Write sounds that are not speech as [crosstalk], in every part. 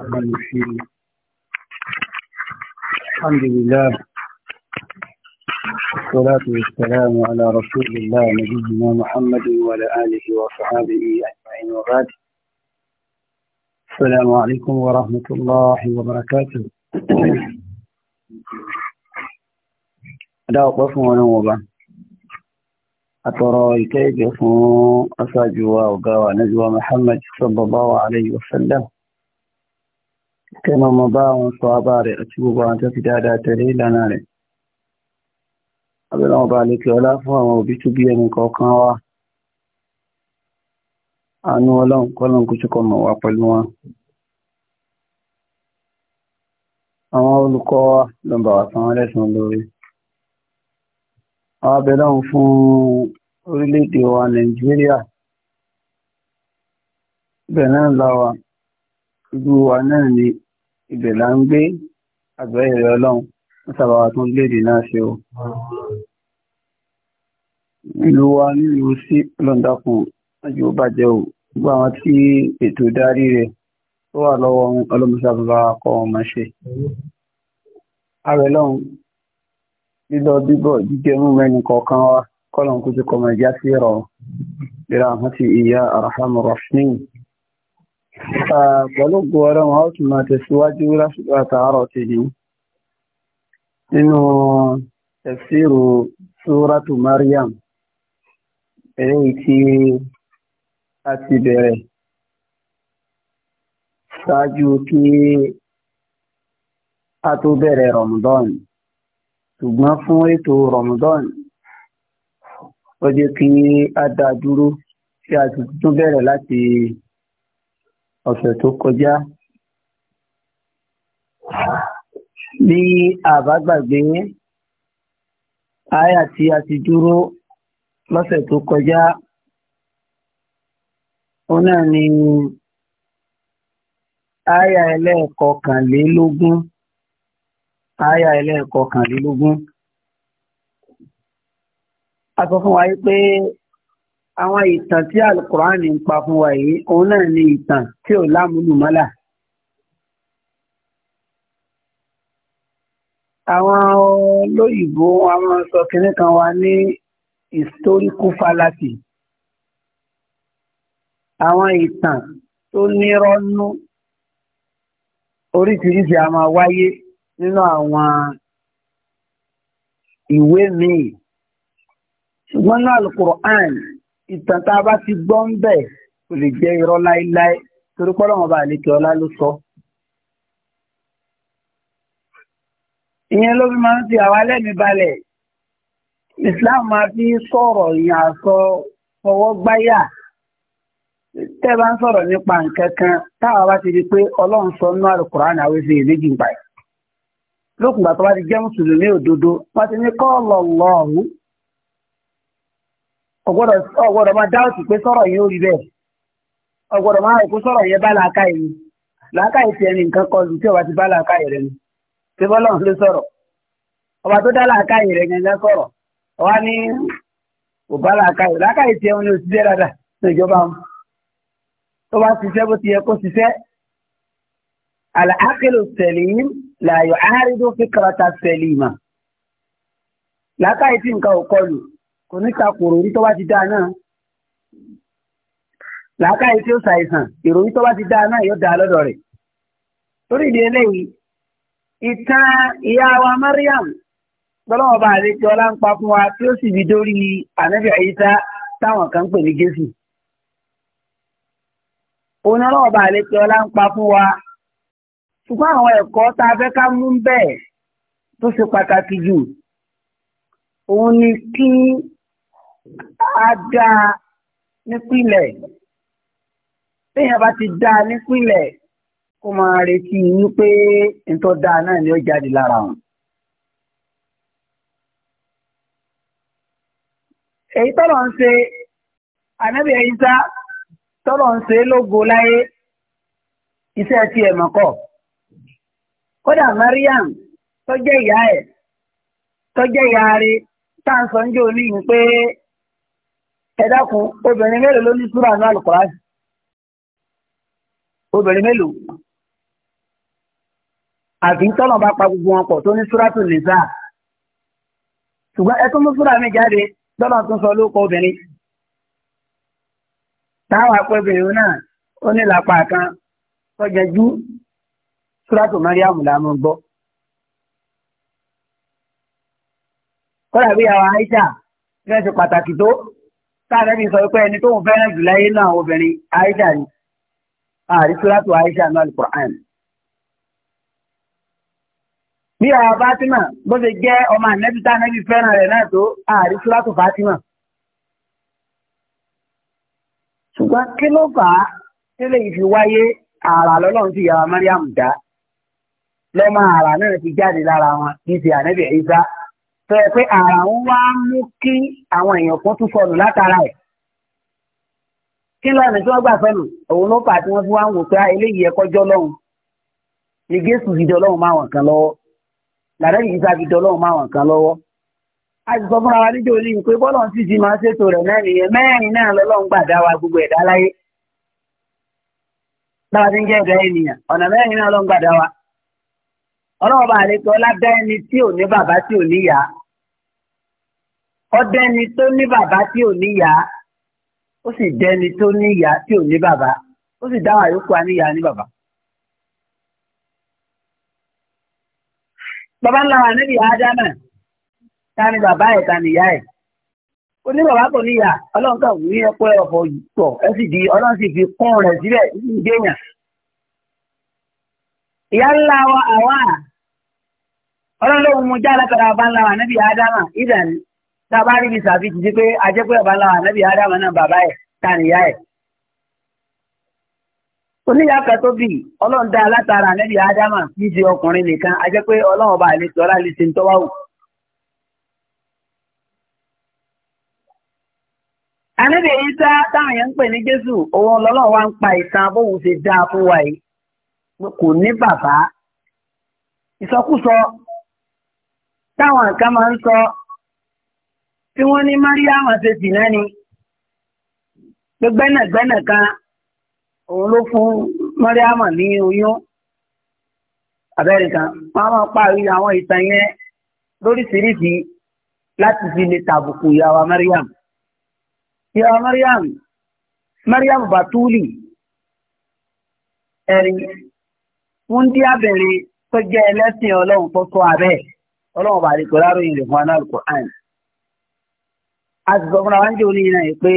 الرحيم الحمد لله والصلاة والسلام على رسول الله نبينا محمد وعلى آله وصحابه أجمعين وبعد السلام عليكم ورحمة الله وبركاته أدعو قفوا ونوبا أترى كيف يكون أساجوا وقاوى نجوى محمد صلى الله عليه وسلم kẹ́mọ̀ mọ bá àwọn sọ abá rẹ̀ àti gbogbo àwọn tó fi dáadáa tẹ̀lé ìlànà rẹ̀ abẹ́rẹ́ wọn bá lè kí ọlá fún àwọn òbí tó bí ẹnì kọ̀ọ̀kan wa àánú ọlọ́run kọ́lọ́n kó túkọ̀ mọ̀ wá pẹ̀lú wọn àwọn olùkọ́ wa ló ń bà wá sanwó lẹ́sàn-án lórí àwọn abẹ́rẹ́ wọn fún orílẹ̀-èdè wa nàìjíríà bẹ́ẹ̀ náà wa ìlú wa náà ni ibẹ̀ là ń gbé àgbẹ̀yẹ̀ rẹ̀ ọlọ́run wọ́n sábà wà tún léde náà ṣe o. ìlú wa nílùú sí lọ́ńdàkùn àjò bàjẹ́ o gbogbo àwọn tí ètò darí rẹ̀ tó wà lọ́wọ́ ọlọ́mọsábàbà kọ́ wọn máa ṣe. ààrẹ lọ́hùn lílọ bíbọ̀ jíjẹ mú mẹ́nu kọ̀ọ̀kan wa kọ́lọ̀ ń kó ti kọ́ mọ̀ ìjà sí ìrọ̀ ìrà ti ìyá àràfàmù rọ̀fìn. Àgbọ̀lógún ọ̀rọ̀ wọn ó tún máa tẹ̀síwájú lásìkò àtàárọ̀ ti ní. Nínú tafsiru Súrátù Maryam, èyí tí a ti bẹ̀rẹ̀ ṣáájú kí a tó bẹ̀rẹ̀ Ramadan. Ṣùgbọ́n fún ètò Ramadan, ó jẹ́ kí a dá dúró kí a sì bẹ̀rẹ̀ láti ọ̀sẹ̀ tó kọjá bí àbágbàgbé àyà tí a ti dúró lọ́sẹ̀ tó kọjá ó náà ni àyà ẹlẹ́ẹ̀kọkànlélógún àyà ẹlẹ́ẹ̀kọkànlélógún a sọ fún wa yí pé àwọn ìtàn tí alukurani ń pa fún wa yìí òun náà ni ìtàn tí ò lámúlùmọ́là. àwọn olóyìnbó àwọn sọ kínní kan wà ní historical fallacy àwọn ìtàn tó nírọ́nú oríṣiríṣi a máa wáyé nínú àwọn ìwé míì ṣùgbọ́n náà alukur'an ìtàn tá a bá ti gbọ́ ń bẹ̀ kò lè jẹ́ irọ́ láéláé torí pọ́lọ́wọ́n bá àlekè ọlá ló sọ. ìyẹn ló fi máa ń fi àwa lẹ́mi balẹ̀ Islam máa fi sọ̀rọ̀ ìyàn àsọ fọwọ́ gbáyà tẹ́ bá ń sọ̀rọ̀ nípa nǹkan kan táwa bá ti di pé ọlọ́run sọ nínú àlùkùránì àwọn èsì èméjì ń báyìí lókùngbà tó bá ti jẹ́ mùsùlùmí òdodo wọ́n ti ní kọ́ ọ̀lọ́ọ̀lọ́ọ̀hún ọ̀gbọ́dọ̀ máa dáhùn sí pé sọ̀rọ̀ yẹn ò rí bẹ́ẹ̀ ọ̀gbọ́dọ̀ máa rò pé sọ̀rọ̀ yẹn bá làákà yìí làákà yìí ti ẹni nǹkan kọlu tí ọba ti bá làákà yìí rẹ ni ṣé bọ́lá ń lè sọ̀rọ̀ ọba tó dá làákà yìí rẹ gẹ́gẹ́ sọ̀rọ̀ ọba ní kò bá làákà yìí làákà yìí ti ẹni ò ṣiṣẹ́ dáadáa ní ìjọba wọn tó bá ṣiṣẹ́ bó ti yẹ kó ṣiṣẹ́ àlàákìlù sẹ̀lìm làyò árídó fíkàràtà sẹ̀lìmà làákà yìí ti nǹkan ò kọlu kò ní takòrò orí tó bá ti dáa náà làákàyè tí ó ṣàìsàn ìròyìn tó bá ti dáa náà yóò dáa lọ́dọ̀ rẹ̀ torí ìdí eléyìí ìtàn ìyá wa Mariam lọ́lọ́wọ́ bá àlejò ọlá ń pa fún wa tí ó sì fi dórí ànábì àyíká táwọn kan ń pè ní Jésù òun ni ọlọ́wọ́ bá àlejò ọlá ń pa fún wa ṣùgbọ́n àwọn ẹ̀kọ́ tá a fẹ́ ká mú bẹ́ẹ̀ tó ṣe pàtàkì jù òun ni kí á dáa nípìnlẹ̀ téèyàn bá ti dáa nípìnlẹ̀ kó máa retí wípé ntọ́ dáa náà ni ó jáde lára wọn. èyí tọ́lọ̀ ń ṣe ànábì Ìsá tọ́lọ̀ ń ṣe lógo láyé iṣẹ́ ti ẹ̀ mọ́kọ̀. kódà Mariam tó ìyá ẹ̀ tó ìyá rẹ̀ tá à ń sọ ń jò níyìn pé ẹ dákun obìnrin mélòó ló ní súrà náà Al-Qur'an obìnrin mélòó àbí tọ́lọ̀ bá pa gbogbo wọn pọ̀ tó ní súrátù nìsá ṣùgbọ́n ẹ tún mú súrà mi jáde tọ́lọ̀ tún sọ lóko obìnrin táwọn apẹ́bìnrin náà ó ní làpá kan tọ́jẹ́jú súrátù Mariam là ń gbọ́. kọ́lá bí àwọn Aisha bí wọ́n ṣe pàtàkì tó táàrẹ́bí sọ pé ẹni tóun fẹ́ràn jù láyé náà obìnrin Aisha ni ààrí sílátù Aisha náà alukur'an. bí a Fatima bó ṣe jẹ́ ọmọ ànẹ́bí tá ànẹ́bí fẹ́ràn rẹ̀ náà tó ààrí sílátù Fatima. ṣùgbọ́n kí ló fà á tẹ́lẹ̀ yìí fi wáyé ààrà lọ́lọ́run ti yàrá Mariam dá lọ́mọ ààrà náà ti jáde lára wọn kì í ṣe ànẹ́bí Isa. tó yẹ pé àrà ń wá mú kí àwọn èèyàn kan tún sọnù látara ẹ̀ kí lọ́nà tí wọ́n gbà sọnù òun ló fà tí wọ́n fi wá ń wò pé ah, eléyìí ẹ̀kọ́ jọ́ lọ́hùn ni Jésù fi dọ́ lọ́hùn kan lọ́wọ́ kan lọ́wọ́ a sọ fúnra wa pé ọdẹni tó ní bàbá tí ò níyà ó sì dẹni tó níyà tí ò ní bàbá ó sì dáhùn àyókù aníyà ní bàbá. bàbá ńlá wa níbi àádámà ta ni bàbá ẹ̀ ta ẹ̀ ó ní bàbá kò níyà ọlọ́run kan ẹ̀pọ̀ ọ̀fọ̀ pọ̀ ẹ sì di ọlọ́run sì fi kún rẹ̀ síbẹ̀ ìyá ńlá wa àwa ọlọ́run ló mú jáde bàbá tá a bá rí ibi sàfi ti di pé ajẹ́pẹ́ ọ̀bá làwọn ànábì ádámù náà bàbá ẹ̀ tàníyá ẹ̀. oníyà kan tó bì ọlọ́run dá látara ànábì ádámù kì í ṣe ọkùnrin nìkan ajẹ́pẹ́ ọlọ́run ọba àlejò ọlá lè ṣe ń tọ́wá wù. ànábì èyí tá táwọn yẹn ń pè ní jésù òun ọlọ́run wa ń pa ìtàn bóun ṣe dáa fún wa yìí kò ní bàbá ìsọkúsọ táwọn nǹkan máa ń sọ tí wọ́n ní Mariam ṣe sì náà ni gbẹ́nàgbẹ́nà kan òun ló fún Mariam ní oyún abẹ́rẹ́ kan wọ́n máa parí àwọn ìtàn yẹn lóríṣiríṣi láti fi lè tàbùkù ìyàwó Mariam ìyàwó Mariam Mariam Batuli ẹ̀rí wọ́n dí abẹ́rẹ́ tó jẹ́ ẹlẹ́sìn ọlọ́run tó tó abẹ́ ọlọ́run bá rí pẹ̀lú àròyìn rẹ̀ fún anáàlùkọ́ àìsàn a sì sọ fúnra wa ń jẹ́ òní yìí náà pé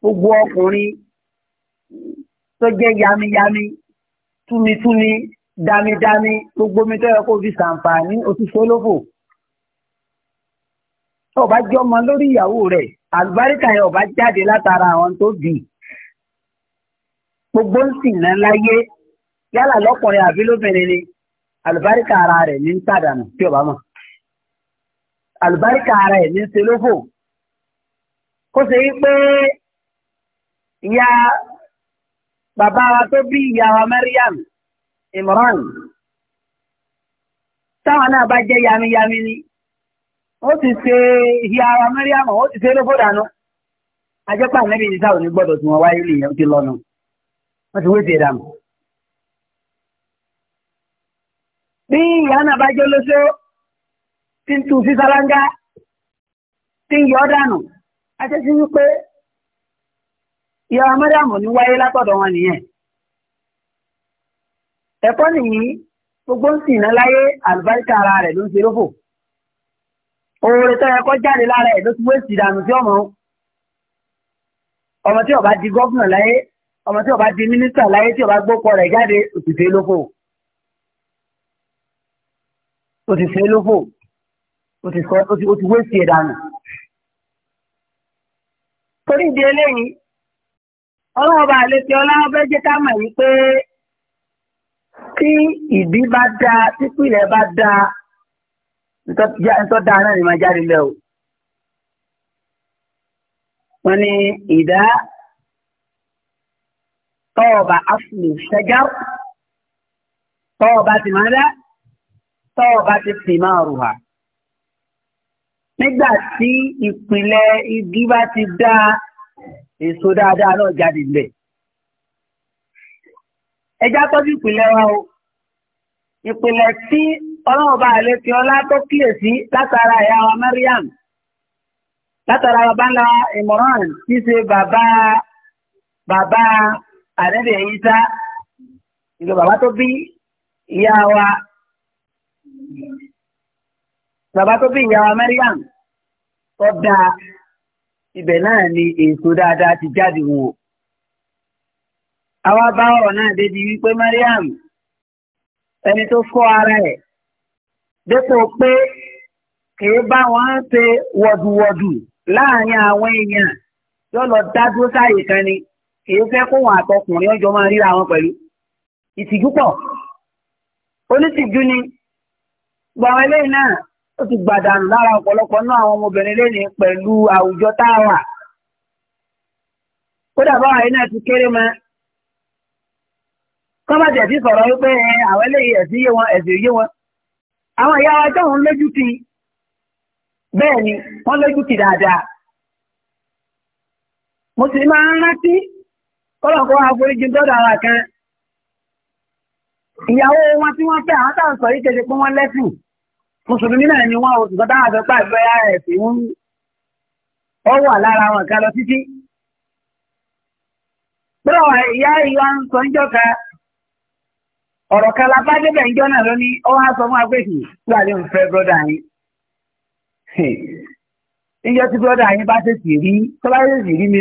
gbogbo ọkùnrin tó jẹ́ yamiyami túmitúmi dámidámi gbogbo mi tó yẹ kó fi ṣàǹfààní oṣù sólófò ọba jẹ́ ọmọ lórí ìyàwó rẹ̀ àlùbáríkà yẹn ọba jáde látara àwọn tó bì gbogbo ń sì ná láyé yálà lọ́kùnrin àbí lóbìnrin ni àlùbáríkà ara rẹ̀ ní ń tàdánù tí ọba mọ̀ àlùbáríkà rẹ̀ ní selófò kó ṣe pé ìyá bàbá wa tó bí ìyá wa Maryam Imran táwọn náà bá jẹ́ yamiyami ni ó ti ṣe ìyá wa Maryam ó ti ṣe lófò dànù ajẹ́pà nẹ́bí ìdísà ò ní gbọ́dọ̀ tí wọ́n wáyé nìyẹn ti lọ́nu wọ́n ti wé dànù. bí ìyá náà bá jẹ́ lóṣó tí ń tu sí sálángá tí ń yọ ọ́ dànù ajẹ́sí wípé ìyá mọ́dàmù ní wáyé látọ̀dọ̀ wọn nìyẹn ẹ̀kọ́ nìyí gbogbo ń sìn náà láyé àlùbáríkà ara rẹ̀ ló ń ṣe lófò oore tó yẹ kó jáde lára ẹ̀ ló ti wé sí ìdànù sí ọmọ ọmọ tí ó bá di gọ́fúnà láyé ọmọ tí ó bá di mínísítà láyé tí ó bá gbókọ rẹ̀ jáde òtìfẹ́ lófò òtìfẹ́ lófò ó ti sọ ó ti ó ti wé sí ẹ̀dá nù. torí ìdí eléyìí ọlọ́run ọba àlejò ọlọ́run fẹ́ jẹ́ ká mọ̀ yìí pé tí ìdí bá dáa típìlẹ̀ bá dáa ntọ́ dáa náà ni máa jáde lẹ́ wọ́n ní ìdá tọ́ọ̀bà afúlù ṣẹ́já tọ́ọ̀bà tìmọ́lá tọ́ọ̀bà ti tìmọ́ ọ̀rùhà nígbà tí ìpìlẹ̀ igi bá ti dá èso dáadáa náà jáde lẹ̀. ẹja tọ́jú ìpìlẹ̀ wa o ìpìlẹ̀ tí ọlọ́run bá lè fi ọlá tó kíyèsí látara ìyá wa Mariam látara bàbá ńlá Imran tí ṣe bàbá bàbá àrẹ́bẹ̀ Ìsá ìlú bàbá tó bí ìyá wa bàbá tó bí ìyàwó Mariam tó dáa ibẹ̀ náà ni èso dáadáa ti jáde wò. àwa bá ọ̀rọ̀ náà débi wípé Mariam ẹni tó fọ́ ara ẹ̀ dépò pé kìí bá wọn ṣe wọ̀dùwọ̀dù láàrin àwọn èèyàn yóò lọ dádúró sáàyè kan ni kìí fẹ́ kó wọn àtọkùnrin ọjọ́ máa ríra wọn pẹ̀lú ìtìjú pọ̀ onítìjú ni gbọ̀n eléyìí náà ó ti gbàdànù lára ọ̀pọ̀lọpọ̀ náà àwọn ọmọbìnrin lónìí pẹ̀lú àwùjọ tá a wà. kódà báwa yìí náà ti kéré mọ́. kọ́mọ̀tì ti sọ̀rọ̀ wípé àwọn eléyìí ẹ̀sìn yé wọn ẹ̀sìn yé wọn. àwọn ìyá wa tóun lójú ti bẹ́ẹ̀ ni wọ́n lójú ti dáadáa. mo sì máa ń rántí kọ́lọ̀kọ́ àforíjì dọ́dọ̀ àwọn kan. ìyàwó wọn tí wọ́n fẹ́ àwọn táwọn sọ yìí mùsùlùmí náà ni wọn ṣùgbọ́n táwọn àjọ pà ìgbẹ́ ẹ̀sìn ń ó wà lára wọn ká lọ títí. Bọ́lá ìyá ìyá ń ka ọ̀rọ̀ kan la bá débẹ̀ níjọ́ náà ní ó wá sọ fún agbèsì tí a lè ń fẹ́ bọ́dà yín. tí bọ́dà yín bá rí tó bá rí mi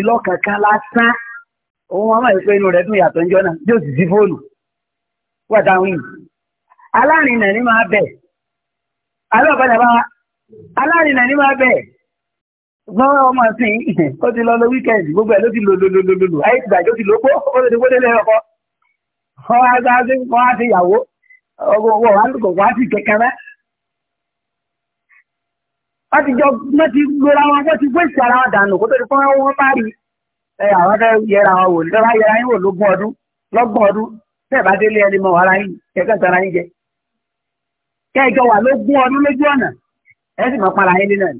lásán òun inú rẹ̀ dùn yàtọ̀ náà yóò sì sí fóònù ni máa àlọ́ ọ̀kadà bá alárinà ní máa bẹ̀ gbọ́n ọmọ sí ó ti lọ lọ wíkẹ́ndì gbogbo ẹ̀ ló ti lò lòlòlòlò ayé ti bàjẹ́ ó ti lógbó ó ti gbódé lé ọkọ wọn á gbá sí wọn á ti yàwó ọgbọ̀n wọn á lùkọ̀ wọn á kẹkẹrẹ. wọ́n ti jọ wọ́n ti gbéra wọn wọ́n ti gbé ìṣàrà wọn dànù kó tó di fún wọn bá rí ẹ àwọn fẹ́ yẹra wọn wò ní fẹ́ bá yẹra yín wò lógún ọdún lọ́gbọ̀n ọdún tẹ́ẹ̀ bá délé ẹni mọ́ ara yín kẹ́kẹ́ kẹ́ẹ̀jọ wà ló gún ọdún lójú ọ̀nà ẹ sì máa para ẹni náà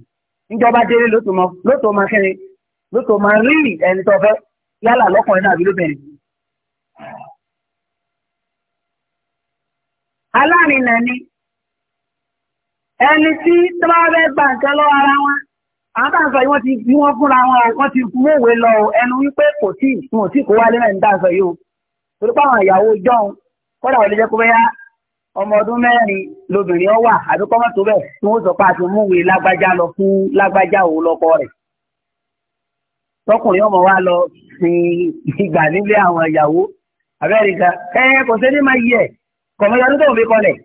níjọba délé lótò máa kẹrin lótò máa rí ẹni tó fẹ́ yálà lọ́kùnrin náà àbí lóbìnrin. alárinà ni ẹni tí tọ́lábẹ́ gbà nǹkan ara wọn àwọn tá sọ yìí ti fúnra wọn ti lọ ẹnu wípé o torí pé àwọn ìyàwó jọ̀hún ọmọ ọdún mẹ́rin lobìnrin ọ wà àbí kọ́mọ tó bẹ̀ tí wọ́n sọ pé a ti mú ìwé lágbájá lọ fún lágbájá òun lọ́kọ rẹ̀ tọkùnrin ọmọ wa lọ sin ìgbà nílé àwọn ìyàwó abẹ́rẹ́ ga ẹ kò sí ní máa yí ẹ̀ kọ̀mọ́yọ ọdún tó ń fi kọlẹ̀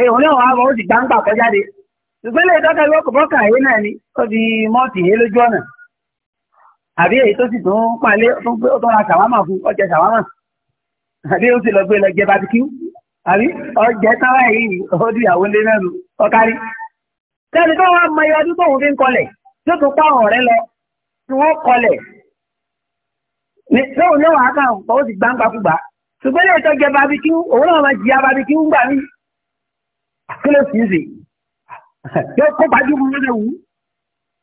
ẹ òun náà wà á bọ̀ ó sì gbangba kọjáde ìpínlẹ̀ ìtọ́ka ìwé kò bọ́kà yé náà ni ó fi mọ́ọ̀tì yé lójú ọ̀nà àbí èyí tó sì tún palẹ̀ ó tún ra ṣàwámà fún ọjà ṣàwámà àbí ó sì lọ gbé lọ jẹ bàbíkú àbí ọjẹ́ táwa yìí ó di ìyàwó lé náà nù ọkárí. sẹ́ni tó wàá mọ ìyọdún tóun fi ń kọlẹ̀ tó tún pa ọ̀rẹ́ lọ tí wọ́n kọlẹ̀ ní tóun náà wàá kàn kọ́ ó sì gbangba kúgbà ṣùgbọ́n ilé ìtọ́jẹ barbecue òun náà máa jìyà barbecue ń gbà mí kí ló sì ń sè yóò kó gbajú mu lóde wù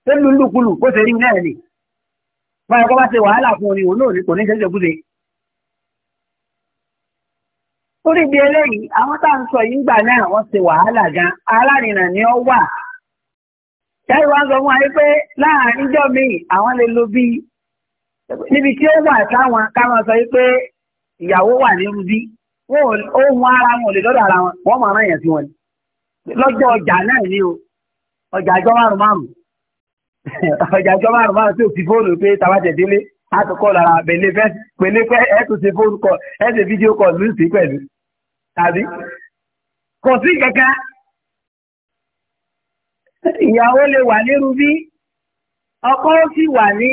ó lulú kulù kó ṣe rí náà ni báyọ̀ kó bá ṣe wàhálà fún torí ibi eléyìí àwọn tá à ń sọ yìí gbà náà wọn ti wàhálà gan alárìnà ni ó wà tẹ́lú wa sọ fún wa pé láàrin ìjọ míì àwọn lè lo bí níbi tí ó wà táwọn káwọn sọ pé ìyàwó wà ní rúbí ohun ara wọn ò lè dọ́dọ̀ ara wọn wọ́n máa rán yẹn sí wọn lọ́jọ́ ọjà náà ni o ọjà àjọ márùn márùn ọjà àjọ márùn márùn tí ò fi fóònù pé tabatẹ̀ délé á tún kọ́ lára pẹ̀lẹ́ fẹ́ pẹ̀lẹ́ fẹ́ ẹ̀ tún ṣe fóònù kọ́ ẹ̀ ṣe fídíò kọ́ lùsì pẹ̀lú. tàbí kò sí kankan ìyàwó lè wà nírú bí ọkọ sì wà ní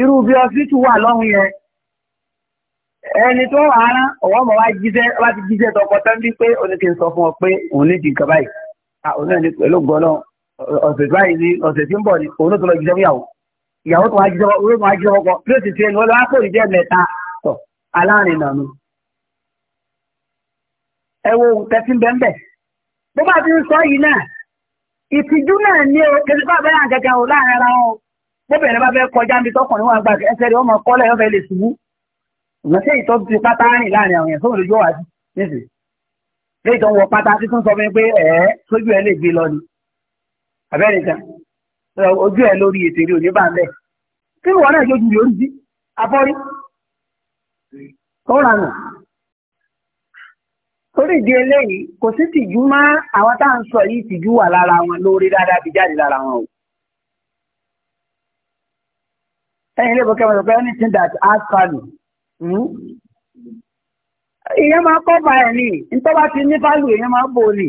irú bí ọsítù wà lọ́hùn yẹn ẹni tó ara ọwọ́ mọ̀ wá jíṣẹ́ wá ti jíṣẹ́ tọkọ tán bí pé oníkè sọ fún ọ pé òun ní di nǹkan báyìí òun náà ní pẹ̀lú gbọ́nà ọ̀sẹ̀ báyìí ní ọ̀sẹ̀ tí ń bọ̀ ni òun tó lọ jíṣẹ́ fún ìyàwó ìyàwó tó wá jíṣẹ́ ọkọ bí ó ti ti ẹnu ọlọ́wà kò ní jẹ́ mẹ́ta tọ̀ aláàrin nànú ẹwọ tẹ̀sí bẹ́ẹ̀ bó bá ti ń sọ yìí náà ìtìjú náà ní o kẹsì bá bẹ́ẹ̀ hàn gẹ́gẹ́ o láàrin ara wọn bóbìnrin bá fẹ́ kọjá níbi tọkùnrin wọn gbà ẹsẹ̀ rẹ̀ ọmọ kọ́lẹ̀ ọ̀fẹ́ lè ṣubú ìgbà tí ìtọ́ ti pátá rìn láàrin àwọn èèyàn sóòrò yóò wá sí nísìsiyìí léyìí tó ń wọ pátá títún sọ fún mi pé ẹ̀ ẹ́ sójú ẹ lè gbé lọ ni abẹ́rẹ́ kan ojú ẹ lórí ètò èrè òní bá ń bẹ̀ kí wọn náà yóò ju lórí sí afọ́rí torí ìdí eléyìí kò sí tìjú má àwọn tá à ń sọ yìí tìjú wà lára wọn lórí dáadáa fi jáde lára wọn o. ẹyin ilé ìbùkẹ́ mọ̀tò pé anything that has value. Hmm? ìyẹn máa kọ́ bá ẹ̀ ní nítorí bá ti ní value ìyẹn máa bò ní.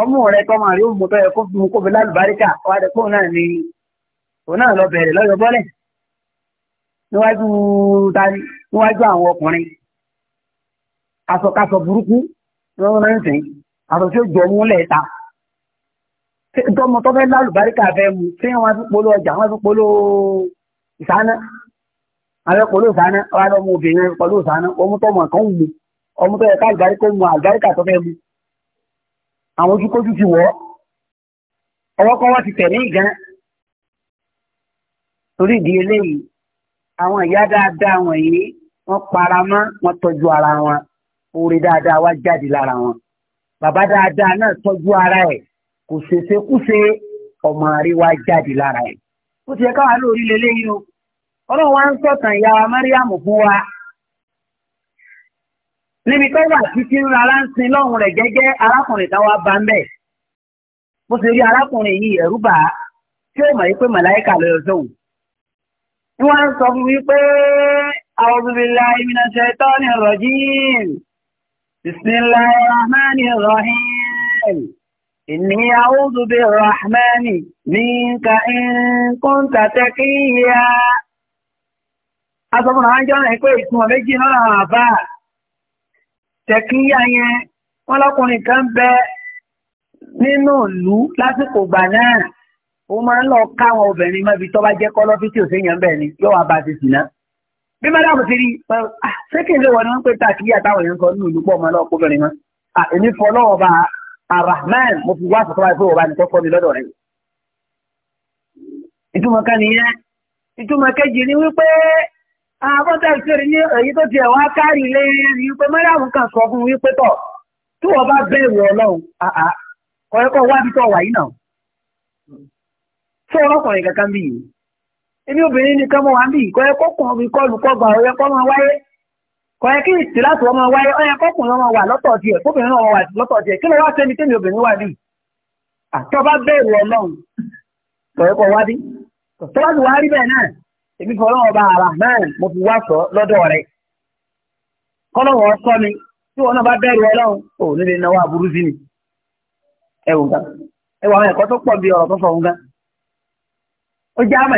ọmọ rẹ kọ́ máa rí òun mọ̀tọ́ yẹ kó fi mú kó fi lálùbáríkà wá dé kóun náà ní òun náà lọ bẹ̀rẹ̀ lọ́yọ̀ bọ́lẹ̀ níwájú ta níwájú àwọn ọkùnrin asọ̀kasọ̀ burúkú lọ́wọ́ náà ń sìn àtọ̀ tí ó jọ wọn lẹ́ẹ̀ta tọmọ tó fẹ́ lálùbáríkà fẹ́ mu tí wọ́n fi polo ọjà wọ́n fi polo ìsáná àwọn polo ìsáná wọ́n lọ́mọ obìnrin polo ìsáná ọmọ tọmọ kan ń mu ọmọ tó yẹ ká àlùbáríkà mu àlùbáríkà tó mu àwọn ojúkójú ti wọ̀ ọwọ́ kọ́ wọ́n ti tẹ̀ ní ìgán torí ìdí eléyìí àwọn ìyá dáadáa wọ̀nyí wọ́n para mọ́ wọ́n ara wọn oore dáadáa wá jáde lára wọn bàbá dáadáa náà tọ́jú ara ẹ̀ kò ṣèṣe kúṣe ọmọ rẹ̀ wá jáde lára ẹ̀ ó ti yẹ káwa lórí lélẹ́yìn o ọlọ́run wá ń sọ̀tàn ìyá wa Mariam fún wa níbi tó wà títí ń rárá ń sin lọ́hùn rẹ̀ gẹ́gẹ́ arákùnrin táwa bá ń bẹ̀ bó ṣe rí arákùnrin yìí ẹ̀rú bà á tí ó mọ̀ yí pé màláìkà ló yọ sóhun wọ́n sọ fún mi pé a'udhu billahi minash shaitani rajim. بسم الله الرحمن الرحيم إني أعوذ بالرحمن منك إن كنت تقيا Asọ́fún àwọn jọ́nà ẹ̀kọ́ ìtumọ̀ méjì náà àbá tẹ̀kíyà yẹn wọ́n lọ́kùnrin kan bẹ nínú ìlú lásìkò gbà náà. Ó máa ń lọ káwọn obìnrin mọ́bi tó bá jẹ́ kọ́lọ́fí tí ò séèyàn bẹ́ẹ̀ ni yóò wá bá ti sì náà bí bá dáàbò ti rí ah, ṣé kí n lè wọ ni wọ́n pè ta kíyà táwọn èèyàn sọ nínú ìlúpọ̀ ọmọ náà kó bẹ̀rẹ̀ mọ́ èmi fọ lọ́wọ́ bá arahman mo fi wá sọ̀tọ́ báyìí pé òwò bá nìkan fọ́ mi lọ́dọ̀ rẹ̀ ìtumọ̀ kan nìyẹn ìtumọ̀ kejì ni wípé àbọ̀tà ìṣeré ní èyí tó tiẹ̀ wá kárí lé ní wípé mọ́láàmù kan sọ fún wípé tọ̀ tí wọ́n bá bẹ̀rù ọlọ́run kọ̀ọ̀kọ̀ wá bí tọ̀ wáyé náà tó ọlọ́kùnrin kankan bí yìí ebi obìnrin nìkan mọ̀ wá ń bì kọ́ ẹ kọ́kùn omi kọlù kọgbà ọ̀yẹ kọ́ máa wáyé kọ́ ẹ kí ìsì láti ọmọ wáyé ọ̀yẹ kọ́kùn ọmọ wà lọ́tọ̀ tiẹ̀ kóbìnrin náà wà lọ́tọ̀ tiẹ̀ kí ló wá sẹ́ni tẹ́mi obìnrin wà bì àtọ́ bá bẹ̀rù ọlọ́run kọ́ ẹ wá bí tó ti wá rí náà èmi ọba náà mo fi wá sọ rẹ sọ mi tí wọn náà bá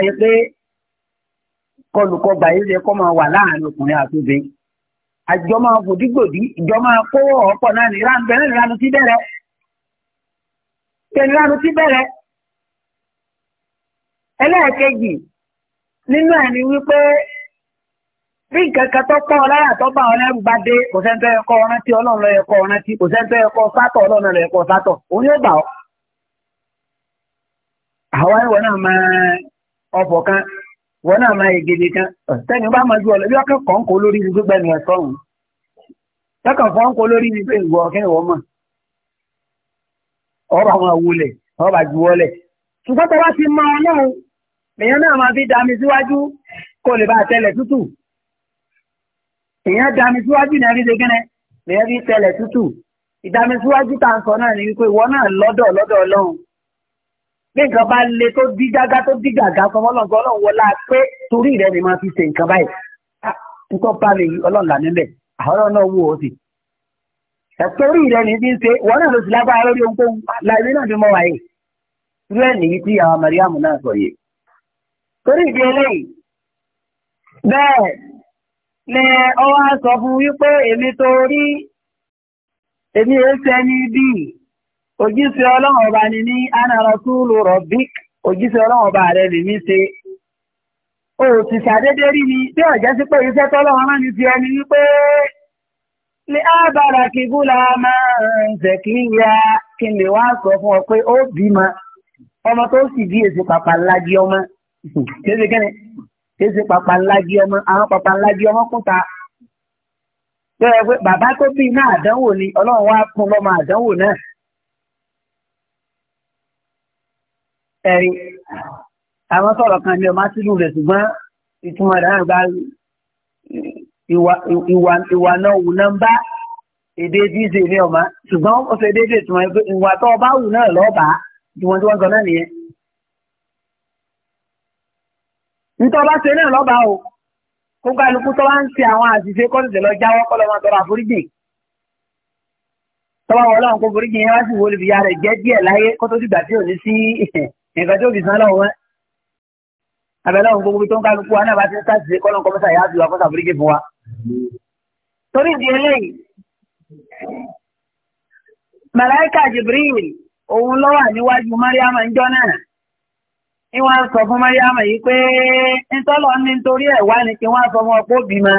ni gan kọlùkọ yìí yẹ ma máa wà láàrin ọkùnrin àti obìnrin àjọ máa kọwọ ìjọ máa kó ọ̀pọ̀ náà ní ìlànà bẹ̀rẹ̀ tí bẹrẹ nínú ni wípé bí nǹkan kan tó dé kò ọ̀rántí ọlọ́run lọ ọ̀rántí kò bà ọ́. àwa ìwọ náà máa kan wọn náà máa yege bi kan ah. tẹni bá máa ju ọ lọ bí ọkàn kàn kó lórí ibi gbígbẹ ni ẹsọ ọhún lọkàn fọn kó lórí ibi ìgbọ kí ni wọn mọ ọba máa wulẹ̀ ọba juwọlẹ ṣùgbọ́n tó bá ti mọ ọ náà èèyàn náà máa fi dami síwájú kó lè bá a tẹlẹ tútù èèyàn dami síwájú náà rí degẹ́nẹ́ èèyàn fi tẹlẹ tútù ìdami síwájú tá à ń sọ náà ni wípé ìwọ náà lọ́dọ̀ lọ́dọ̀ ọlọ́run pé nǹkan bá le tó dí gágá tó dí gàgá fọmọ náà gbọ́ ọlọ́run wọlá pé torí rẹ ni máa fi ṣe nǹkan báyìí ah, nǹkan bá mi ọlọ́run là nílẹ̀ àwọn náà wò ó sì torí rẹ ni fi ń ṣe wọn náà ló sì lágbára lórí ohun tó ń láìpẹ́ náà fi mọ́ wáyé irú ẹ̀ nìyí tí àwọn mariam náà sọ yìí torí ìdí eléyìí bẹ́ẹ̀ ni ọwọ́ sọ fún wípé èmi torí èmi èé sẹ́ni bíi òjíṣẹ́ ọlọ́run ọba ni ní ana rasulu rabbik òjíṣẹ́ ọlọ́run ọba rẹ̀ lè mí ṣe o sì ṣàdédé rí ni tí ọ̀jẹ́ sí pé iṣẹ́ tọ́lọ́run rán ní ti ẹni wípé lè ábàrà kí gúlà máa ń zẹ̀kíyà kí n lè wá sọ fún ọ pé ó bímọ ọmọ tó sì bí èsì pàpà ńlájí ọmọ kéde kẹ́ni kéde pàpà ńlájí ọmọ àwọn pàpà ńlájí ọmọ kúta bẹ́ẹ̀ bàbá tó bí náà àdánwò ni ọlọ́run wá fún lọ́mọ àdánwò náà. ẹ̀rí àwọn sọ̀rọ̀ kan ní ọmọ sílù rẹ̀ ṣùgbọ́n ìtumọ̀ rẹ̀ náà gba ìwà náà wù náà ń bá èdè díze ní ọmọ ṣùgbọ́n ó fẹ́ déédé ìtumọ̀ pé ìwà tó ọba wù náà lọ́ọ̀bà ju wọn tí wọ́n sọ náà nìyẹn. nítorí ọba ṣe náà lọ́ọ̀bà o kó kálukú tó bá ń ṣe àwọn àṣìṣe kó tètè lọ jáwọ́ kọ́ lọ́mọ tọrọ àforíjì tọ́wọ́ ọlọ́run kó foríjì yẹn wá sí ìwọlùfìyà rẹ̀ jẹ́ díẹ̀ láyé kó tó dìgbà tí ò ní sí ìfẹ́ nǹkan tí ó fi san lọ́wọ́ wọn abẹ́lẹ́ òun gbogbo tó ń kálukú wa náà bá ti ń sáàsì kọ́lọ́n kọ́mọ́sà yá àdúrà kọ́sà fúrígì fún wa. torí ìdí eléyìí màláìkà Jibril òun ló wà níwájú Mariama ń jọ náà ni wọ́n sọ fún Mariama yìí pé ntọ́lọ́ ní nítorí ẹ̀ wá ni kí wọ́n sọ fún ọ pé ó bímọ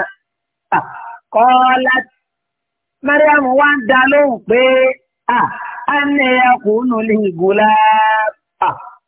kọ́lá Mariama wá ń dá lóhùn pé a ní ẹkùn nù lè gùn láà.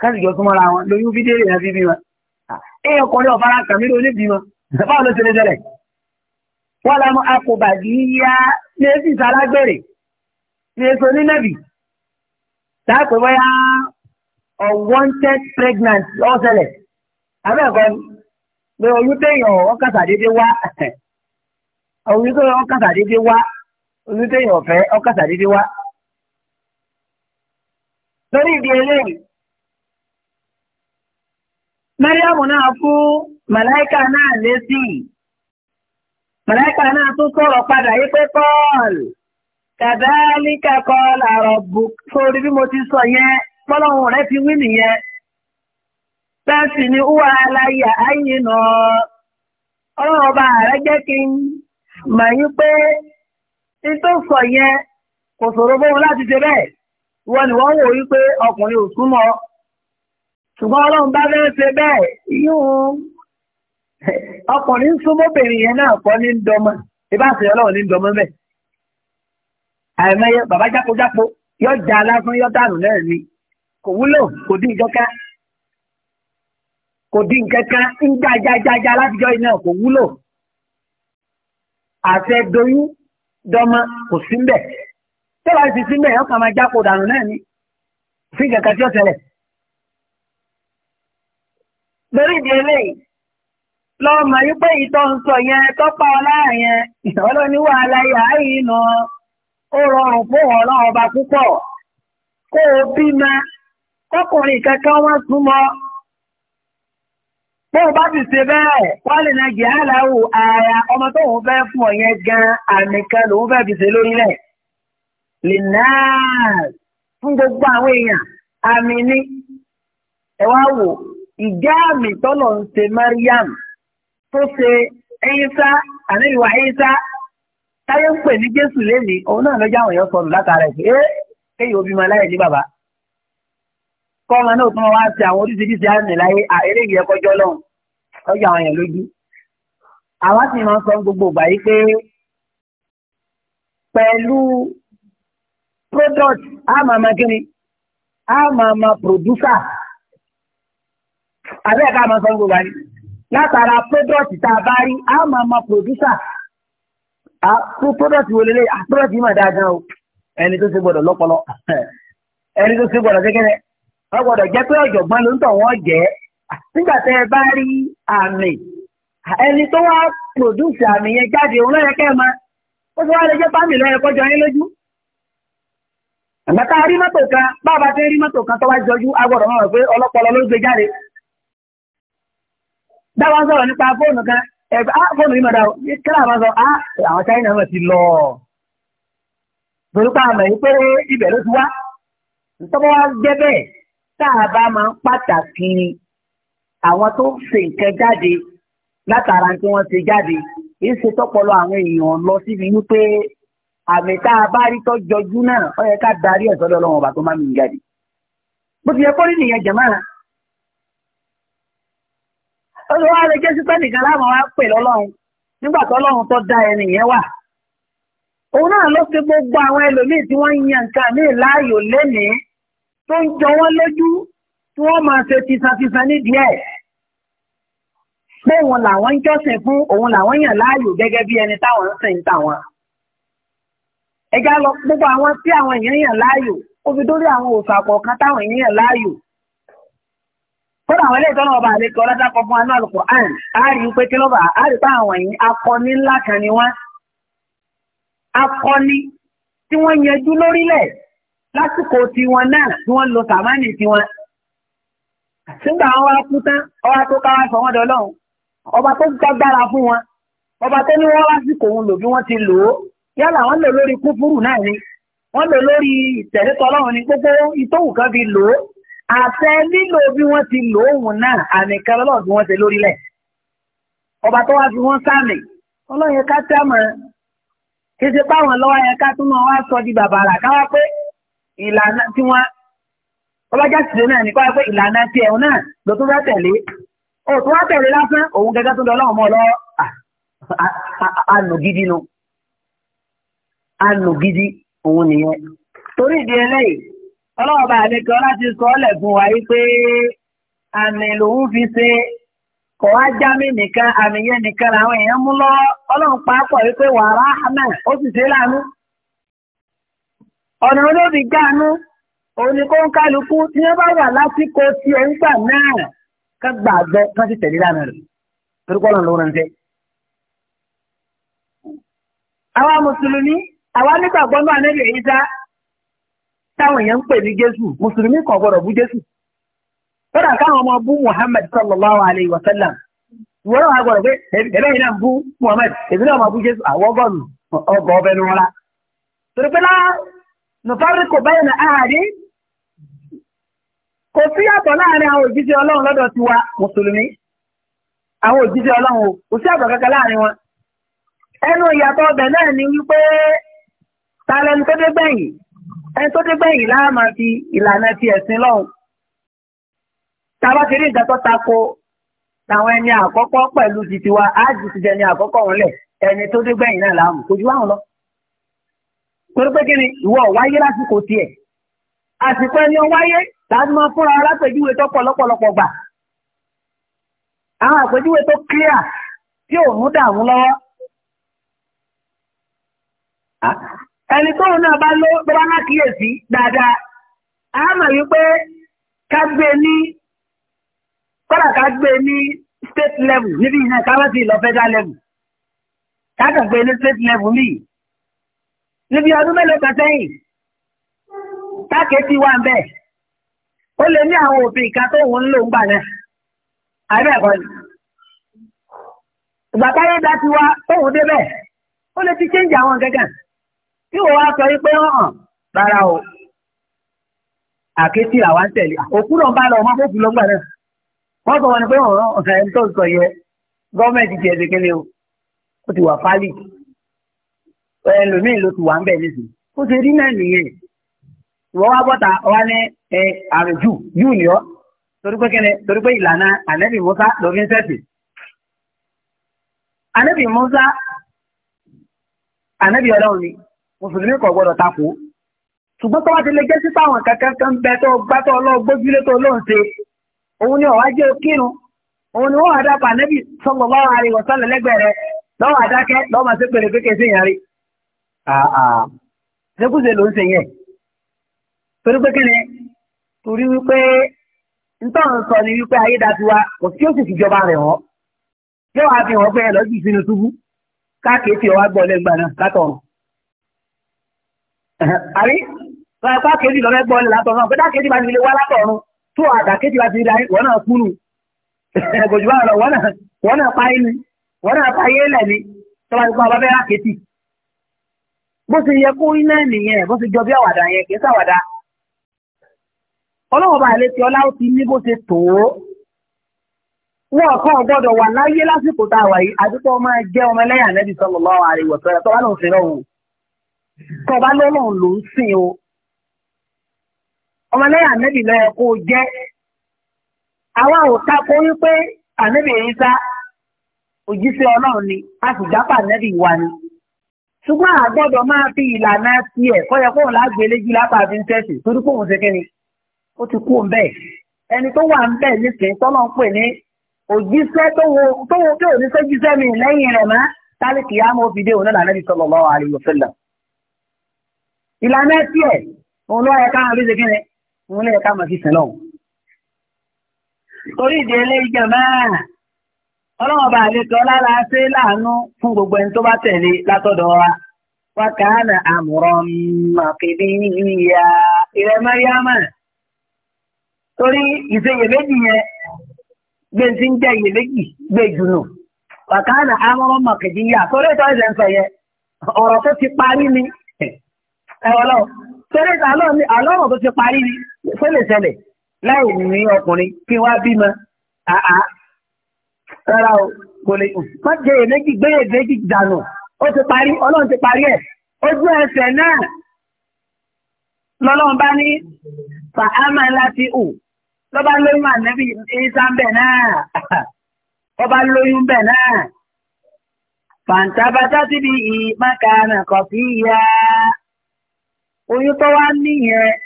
kásìjọ súnmọ́ ra wọn lóyún fídíò èèyàn fi bí wọn èèyàn ọ̀fara kàmí ló lè báwo ló ti lè tẹ̀lẹ̀ wọ́n lọ mú akọ̀bàdì yá ní èsì sálágbèrè ní èso nínàbì dáàpẹ́ bóyá unwanted pregnant ọ̀sẹ̀lẹ̀ abẹ́ẹ̀kọ́ pé oyún téèyàn ọ̀kàtàdédé wá oyún téèyàn ọ̀kàtàdédé wá oyún téèyàn ọ̀fẹ́ ọ̀kàtàdédé wá. lórí ìdí eléyìí Mẹ́ríàmù náà fún màláìkà náà lésì. Màláìkà náà tún sọ̀rọ̀ padà yí pé Paul kàdálíkà kọ́ làrọ̀ bù sórí bí mo ti sọ yẹn pọ́lọ́hún rẹ̀ ti wí nìyẹn. Bẹ́ẹ̀sì ni wúwa aláyà ayé nà ọlọ́run ọba rẹ̀ jẹ́ kí n mọ̀ yín pé ní tó sọ yẹn kò ṣòro bóun láti ṣe bẹ́ẹ̀. Wọ́n ní wọ́n wò wí pé ọkùnrin ò súnmọ́ ṣùgbọ́n ọlọ́run bá fẹ́ ṣe bẹ́ẹ̀ yóò ọkùnrin súnmọ́bìnrin yẹn náà kọ́ ní dọmọ ìbáṣe ọlọ́run ní dọmọ bẹ́ẹ̀ àìmọye bàbá jápojápo yọ da lásán yọ dànù náà ni kò wúlò kò dín ìjọká kò dín kankan ń jájájájá látijọ́ iná kò wúlò àṣẹ doyún dọmọ kò sí mbẹ tẹ́lá ti sí mbẹ ọkàn máa jápo dànù náà ni sí kankan tí ó ṣẹlẹ̀ lórí ìdí eléyìí lọ́mọ yí pé ìtọ́ ń sọ yẹn tọ́pá ọlára yẹn ọlọ́niwà aláya yìí nà ó rọrùn fún ọ̀ràn ọba púpọ̀ kó o bímọ kọkùnrin kankan wọ́n súnmọ́ bó o bá sì ṣe bẹ́ẹ̀ wọ́n lè na jẹ́ aláwò ara ọmọ tó ń fẹ́ fún ọ yẹn gan àmì kan lòún fẹ́ fi ṣe lórílẹ̀ lè náà fún gbogbo àwọn èèyàn àmì ní ẹ wá wò ìjà àmì tọ́lọ̀ ń ṣe Mariam tó ṣe ẹyíṣá àníwá ẹyíṣá táyé ń pè ní Jésù lénìí òun náà lọ́jà àwọn èèyàn sọnù látara ẹ̀ pé kéèyàn obìnrin aláìní bàbá kọ́mọ náà tún wá sí àwọn oríṣiríṣi àmì láyé eléyìí ẹ̀kọ́ jọ lọ́hùn lọ́jà àwọn èèyàn lójú àwa sì máa ń sọ gbogbo ìgbà yìí pé pẹ̀lú product a máa ma kiri a máa ma producer àbí ẹ̀ka máa sọ gbogbo àní látara product tá a bá rí a máa mọ producer a fún product wo lélẹ̀ a product yìí mà dáa gan o ẹni tó ṣe gbọdọ̀ lọ́pọlọ [laughs] ẹni tó ṣe gbọdọ̀ kékeré wọ́n gbọdọ̀ jẹ́ pé ọ̀jọ̀gbọ́n ló ń tọ̀ wọ́n jẹ́ nígbà tẹ́ ẹ bá rí àmì ẹni tó wá produce àmì yẹn jáde òun lọ́yẹ kẹ́ ẹ máa ó sì wá lè jẹ́ fámìlì ọ̀yẹ́ kọjọ yín lójú àgbàtà rí mọ́tò kan a bá ti rí mọ́tò kan tó wá jọjú agbọ́dọ̀ mọ̀ pé ọlọ́pọlọ ló dáwà sọ̀rọ̀ nípa fóònù kan ẹ̀fẹ́ á ah, fóònù yìí mọ̀dá kílà máa sọ á ah, àwọn China náà ti lọ torípa àmọ̀ yìí pé ibẹ̀ ló ti wá ntọ́wọ́ wá jẹ́ bẹ́ẹ̀ tá a bá máa ń pàtàkì àwọn tó ń ṣe nǹkan jáde látara tí wọ́n ṣe jáde èyí ṣe tọ́pọ̀lọ àwọn èèyàn lọ síbi wípé àmì tá a bá rí tọ́jọjú náà ó darí ẹ̀sọ́ lọ́wọ́ ọba má mi jáde bó ti yẹ kó rí nìyẹn jẹ̀máà olùwà rẹ̀ jẹ́ sípẹ́ nìkan láwọn wá pè lọ́lọ́run nígbà tó lọ́run tó dá ẹni yẹn wà òun náà ló fi gbogbo àwọn ẹlòmíì tí wọ́n ń yan nǹkan míì láàyò lénìí tó ń jọ wọ́n lójú tí wọ́n máa ṣe tisantisan nídìí ẹ̀ pé òun làwọn ń jọ́sìn fún òun làwọn yàn láàyò gẹ́gẹ́ bí ẹni táwọn ń sìn táwọn. ẹja lọ gbogbo àwọn tí àwọn èèyàn yàn láàyò ó fi dórí àwọn òòṣà kọ̀ọ̀kan táwọn èèyàn láàyò Fọ́nà àwọn ilé ìtọ́nà ọba àlekọ̀ ọlọ́dàpọ̀ fún anú àlùkò àrùn, a rí i pé kí ló bá a rí bá àwọn yìí akọni ńlá kan ni wọ́n. Akọni tí wọ́n yanjú lórílẹ̀ lásìkò tiwọn náà tí wọ́n lo sàmánì tiwọn. Sígbà wọn wá kú tán, ọba tó ká wá sọ wọ́n dọ́lọ́hùn. Ọba tó gbàgbára fún wọn. Ọba tó ní wọ́n lásìkò òun lò bí wọ́n ti lò ó. Yálà wọ́n lò lórí kúfúrù náà ni. Wọ́n lò lórí ìtẹ̀lẹ́tọ̀ ọlọ́run ni gbogbo ìtòwù kan fi lò ó àtẹ lílo bí wọ́n ti lò òun náà àmì kan lọ́wọ́ bí wọ́n ṣe lórílẹ̀ ọba tó wá fi wọ́n sàmì ọlọ́yẹ ká tẹ́mọ̀ kéṣe báwọn lọ́wọ́ yẹn ká tún mọ́ wá sọ di bàbàrà káwá pé ìlànà tí wọ́n ọba jásìlẹ̀ náà ní káwá pé ìlànà tí ẹ̀hún náà ló tún fẹ́ tẹ̀lé ó tún wá tẹ̀lé lásán òun gẹ́gẹ́ tó lọ́wọ́ mọ́ lọ́wọ́ àánú gidi nu àánú gidi òun nìyẹn torí ìdí ẹlẹ́yìí Ọlọọba àlekẹ́ láti sọ ọ́lẹ̀ wa yìí pé àmì lòun fi ṣe kọ̀ wá jámì nìkan àmì yẹn nìkan làwọn èèyàn mú lọ́wọ́ ọlọ́run wípé wàrà àmà ó sì ṣe lánú. ọ̀nà olóbi gánú òun ni kó ń kálukú tí wọ́n bá wà lásìkò tí ẹ̀ ń gbà náà ká gbàgbọ́ ká sì tẹ̀lé lánàá rẹ̀ ọ̀nà ló àwa mùsùlùmí táwọn èèyàn ń pè ní jésù mùsùlùmí kan gbọdọ̀ bú jésù kódà káwọn ọmọ bú muhammad sallallahu alayhi wa sallam ìwọ́n náà gbọdọ̀ pé ẹ̀bẹ́ yìí náà bú muhammad èmi náà máa bú jésù àwọn gọ́ọ̀nù ọgọ́ ọbẹ̀ wọ́n torí pé náà na àárín kò sí láàrin àwọn òjíṣẹ́ ọlọ́run lọ́dọ̀ ti wa mùsùlùmí àwọn òjíṣẹ́ ọlọ́run kò sí ẹni tó dé gbẹ̀yìn láàmà fi ìlànà ti ẹ̀sìn lọ́hùn tàbá ti rí nǹkan tó tako àwọn ẹni àkọ́kọ́ pẹ̀lú títí wa áàjù ti jẹ ẹni àkọ́kọ́ wọn lẹ̀ ẹni tó dé gbẹ̀yìn náà láàmù kò ju àwọn lọ. torí pé kí ni ìwọ wáyé lásìkò tiẹ̀ àsìkò ẹni wáyé láti máa fúnra alápèjúwe tó pọ̀ lọ́pọ̀lọpọ̀ gbà àwọn àpèjúwe tó clear tí ò mú dààmú lọ́wọ́ ẹni tó náà bá ló bá lákìyèsí dáadáa a mọ̀ wípé ká gbé ní kọ́dà ká gbé ní state level níbi ìyẹn ká wọ́n ti lọ federal level ká kàn gbé ní state level míì níbi ọdún mélòó kan sẹ́yìn táàkì ti wà ń bẹ̀ ó lè ní àwọn òfin ìka tó ń lò ń gbà náà àbẹ̀ ẹ̀kọ́ ni ìgbà táyé dá ti wá tóun débẹ̀ ó lè ti change àwọn gẹ́gẹ́. tí wọ́n wá sọ yí pé hàn rárá o àkétí làwa ń tẹ̀lé òkú náà bá lọ ọmọ fòfin lọ́gbà náà wọ́n sọ wọn ni pé rán ọ̀sán ẹni tó ń sọ yẹ gọ́ọ̀mẹ̀ntì ti ẹ̀sìn kínní o ó ti wà fálì ẹlòmíín ló ti wà ń bẹ̀ ó ṣe rí náà nìyẹn wọ́n wá bọ́ta wá ní ẹ ní ọ́ torí Musa ló fi ń ni mùsùlùmí kò gbọdọ̀ takò ṣùgbọ́n tó bá ti lè jẹ́ sí táwọn kankan kan bẹ tó gbá tó lọ gbójúlé tó lóun ṣe òun ni ọ̀wá jẹ́ kírun òun ni wọ́n wá dápà nẹ́bí sallallahu alaihi wasallam lẹ́gbẹ̀ẹ́ rẹ lọ́wọ́ àdákẹ́ lọ́wọ́ máa ṣe pèrè kékeré sí ìyàrí. ṣékùsè ló ń ṣe yẹn torí pé kíni torí wípé ntọ́run sọ ni wípé kò sí rẹ̀ wọ́n yóò wá fi àrí lápá kejì lọ́rẹ́ gbọ́ ní látọ̀ náà pẹ́tà kejì bá ti lè wá látọ̀run tó àdá kejì bá ti lè wọ́n náà kúrú ẹ̀gòjì bá rọ̀ wọ́n náà pa ilé wọ́n náà pa ayé lẹ̀ ni tọ́ba ti kún ọba bẹ́ẹ̀ àkẹ́tì. bó ti yẹ kó iná nìyẹn bó ti jọ bí àwàdà yẹn kì í sàwàdà. ọlọ́wọ́n bá lè ti ọlá ó ti ní bó ṣe tó o. wọn kọ́ gbọ́dọ̀ wà láyé lásìkò tá a wà yìí àdúgbò máa jẹ́ ọmọ ẹlẹ́yà nẹ́bí sọ́lọ́lọ́ àríwọ̀ sọ́yà tọ́ba náà ń ṣe náà wò tọba lọ́lọ́run ló ń sìn o ọmọlẹ́yìn ànẹ́bì lọ́yẹ kó o jẹ́ àwa ò takò wípé ànẹ́bì Ìsá òjíṣẹ́ ọlọ́run ni a sì jápa ànẹ́bì wa ni ṣùgbọ́n a gbọ́dọ̀ máa fi ìlànà tiẹ̀ kọ́yẹ kóun lágbèléjì lápá fi ń tẹ̀sí torí kóun ṣe kíni ó ti kú òun bẹ́ẹ̀ ẹni tó wà ń bẹ̀ nísìnyí tọ́lọ́ ń pè ní òjíṣẹ́ tó wo tó wo pé òní sẹ́jíṣẹ́ mi lẹ́yìn rẹ̀ mọ́ tálíkì yá mo fi dé òun náà lànà bí sallallahu alaihi wasallam ìlànà ẹtí ẹ̀ òun ló yẹ ká máa kíni òun ló ká máa fi sìn lọ́wọ́. torí ìdí eléyìí jẹ̀mọ́ ọlọ́wọ́n bá ṣe láàánú fún gbogbo ẹni tó bá tẹ̀lé látọ̀dọ̀ wa màkìdí torí yẹn gbé ti ń ìyèméjì gbé màkìdí torí yẹn ọ̀rọ̀ tó ti parí ni. ẹ̀rọ torí ta lọ́ọ̀ ni àlọ́ọ̀ tó ti parí ni ṣé lè ṣẹlẹ̀ láì ní ọkùnrin kí wá bímọ àá rárá o kò lè má jẹ èméjì gbéyè méjì dànù ó ti parí ọlọ́run ti parí ẹ̀ ojú ẹsẹ̀ náà lọ́lọ́run bá ní fàámà láti hù lọ́ba lóyún ànẹ́bí ìsá ń bẹ̀ náà ọba lóyún bẹ̀ náà fàǹtàbátà síbi ìmákàánà kọ̀ọ̀fì oyún tó wá níyẹn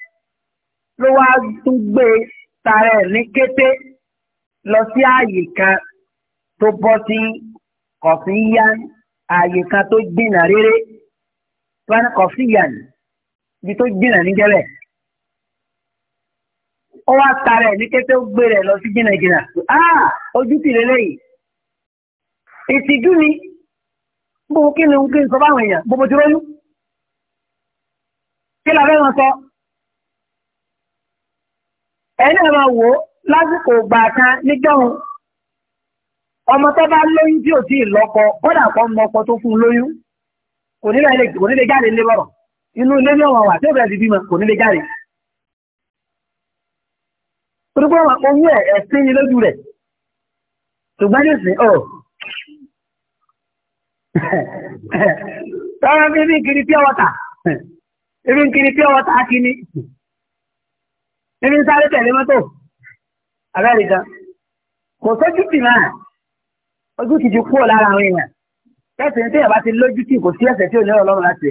ló wá tún gbé tara ẹ̀ ní kété lọ sí ààyè kan tó bọ́ sí kọ̀fíyà ààyè kan tó gbìnà rere tó ní kọ̀fíyà ibi tó gbìnà níjẹ́lẹ̀. ó wá tara ẹ̀ ní kété ó gbé rẹ̀ lọ sí jìnnàjìnnà ah! ojú ti lélẹ̀ yìí ìtìjú ni bó kí ni kí n sọ fáwọn èèyàn bó bó ti rọ́yún kí la fẹ́ wọn sọ ẹni ẹ̀ máa wò ó lásìkò ìgbà kan níjọ́hun ọmọ tó bá lóyún tí ò tí ì lọ́kọ kódà kọ́ mọ ọkọ tó fún un lóyún kò ní lè jáde nílé bọ̀rọ̀ inú ilé ní ọ̀wọ̀n wà tí ó bẹ̀rẹ̀ sí bímọ kò ní lè jáde. Torípé wọn oyún ẹ̀ ẹ̀sìn ni lójú rẹ̀. Ṣùgbọ́n ní ìsìn ọ̀. Tọ́lá bí ní kiri pure water ibi ń kiri pure water kí ni ibi ń sáré tẹ̀lé mọ́tò abẹ́rẹ́ gan kò sójú tì náà ojú ti ju kúrò lára àwọn èèyàn tẹ̀sán tí yàrá ti lójú tì kò sí ẹsẹ̀ tí ò ní ọlọ́run láti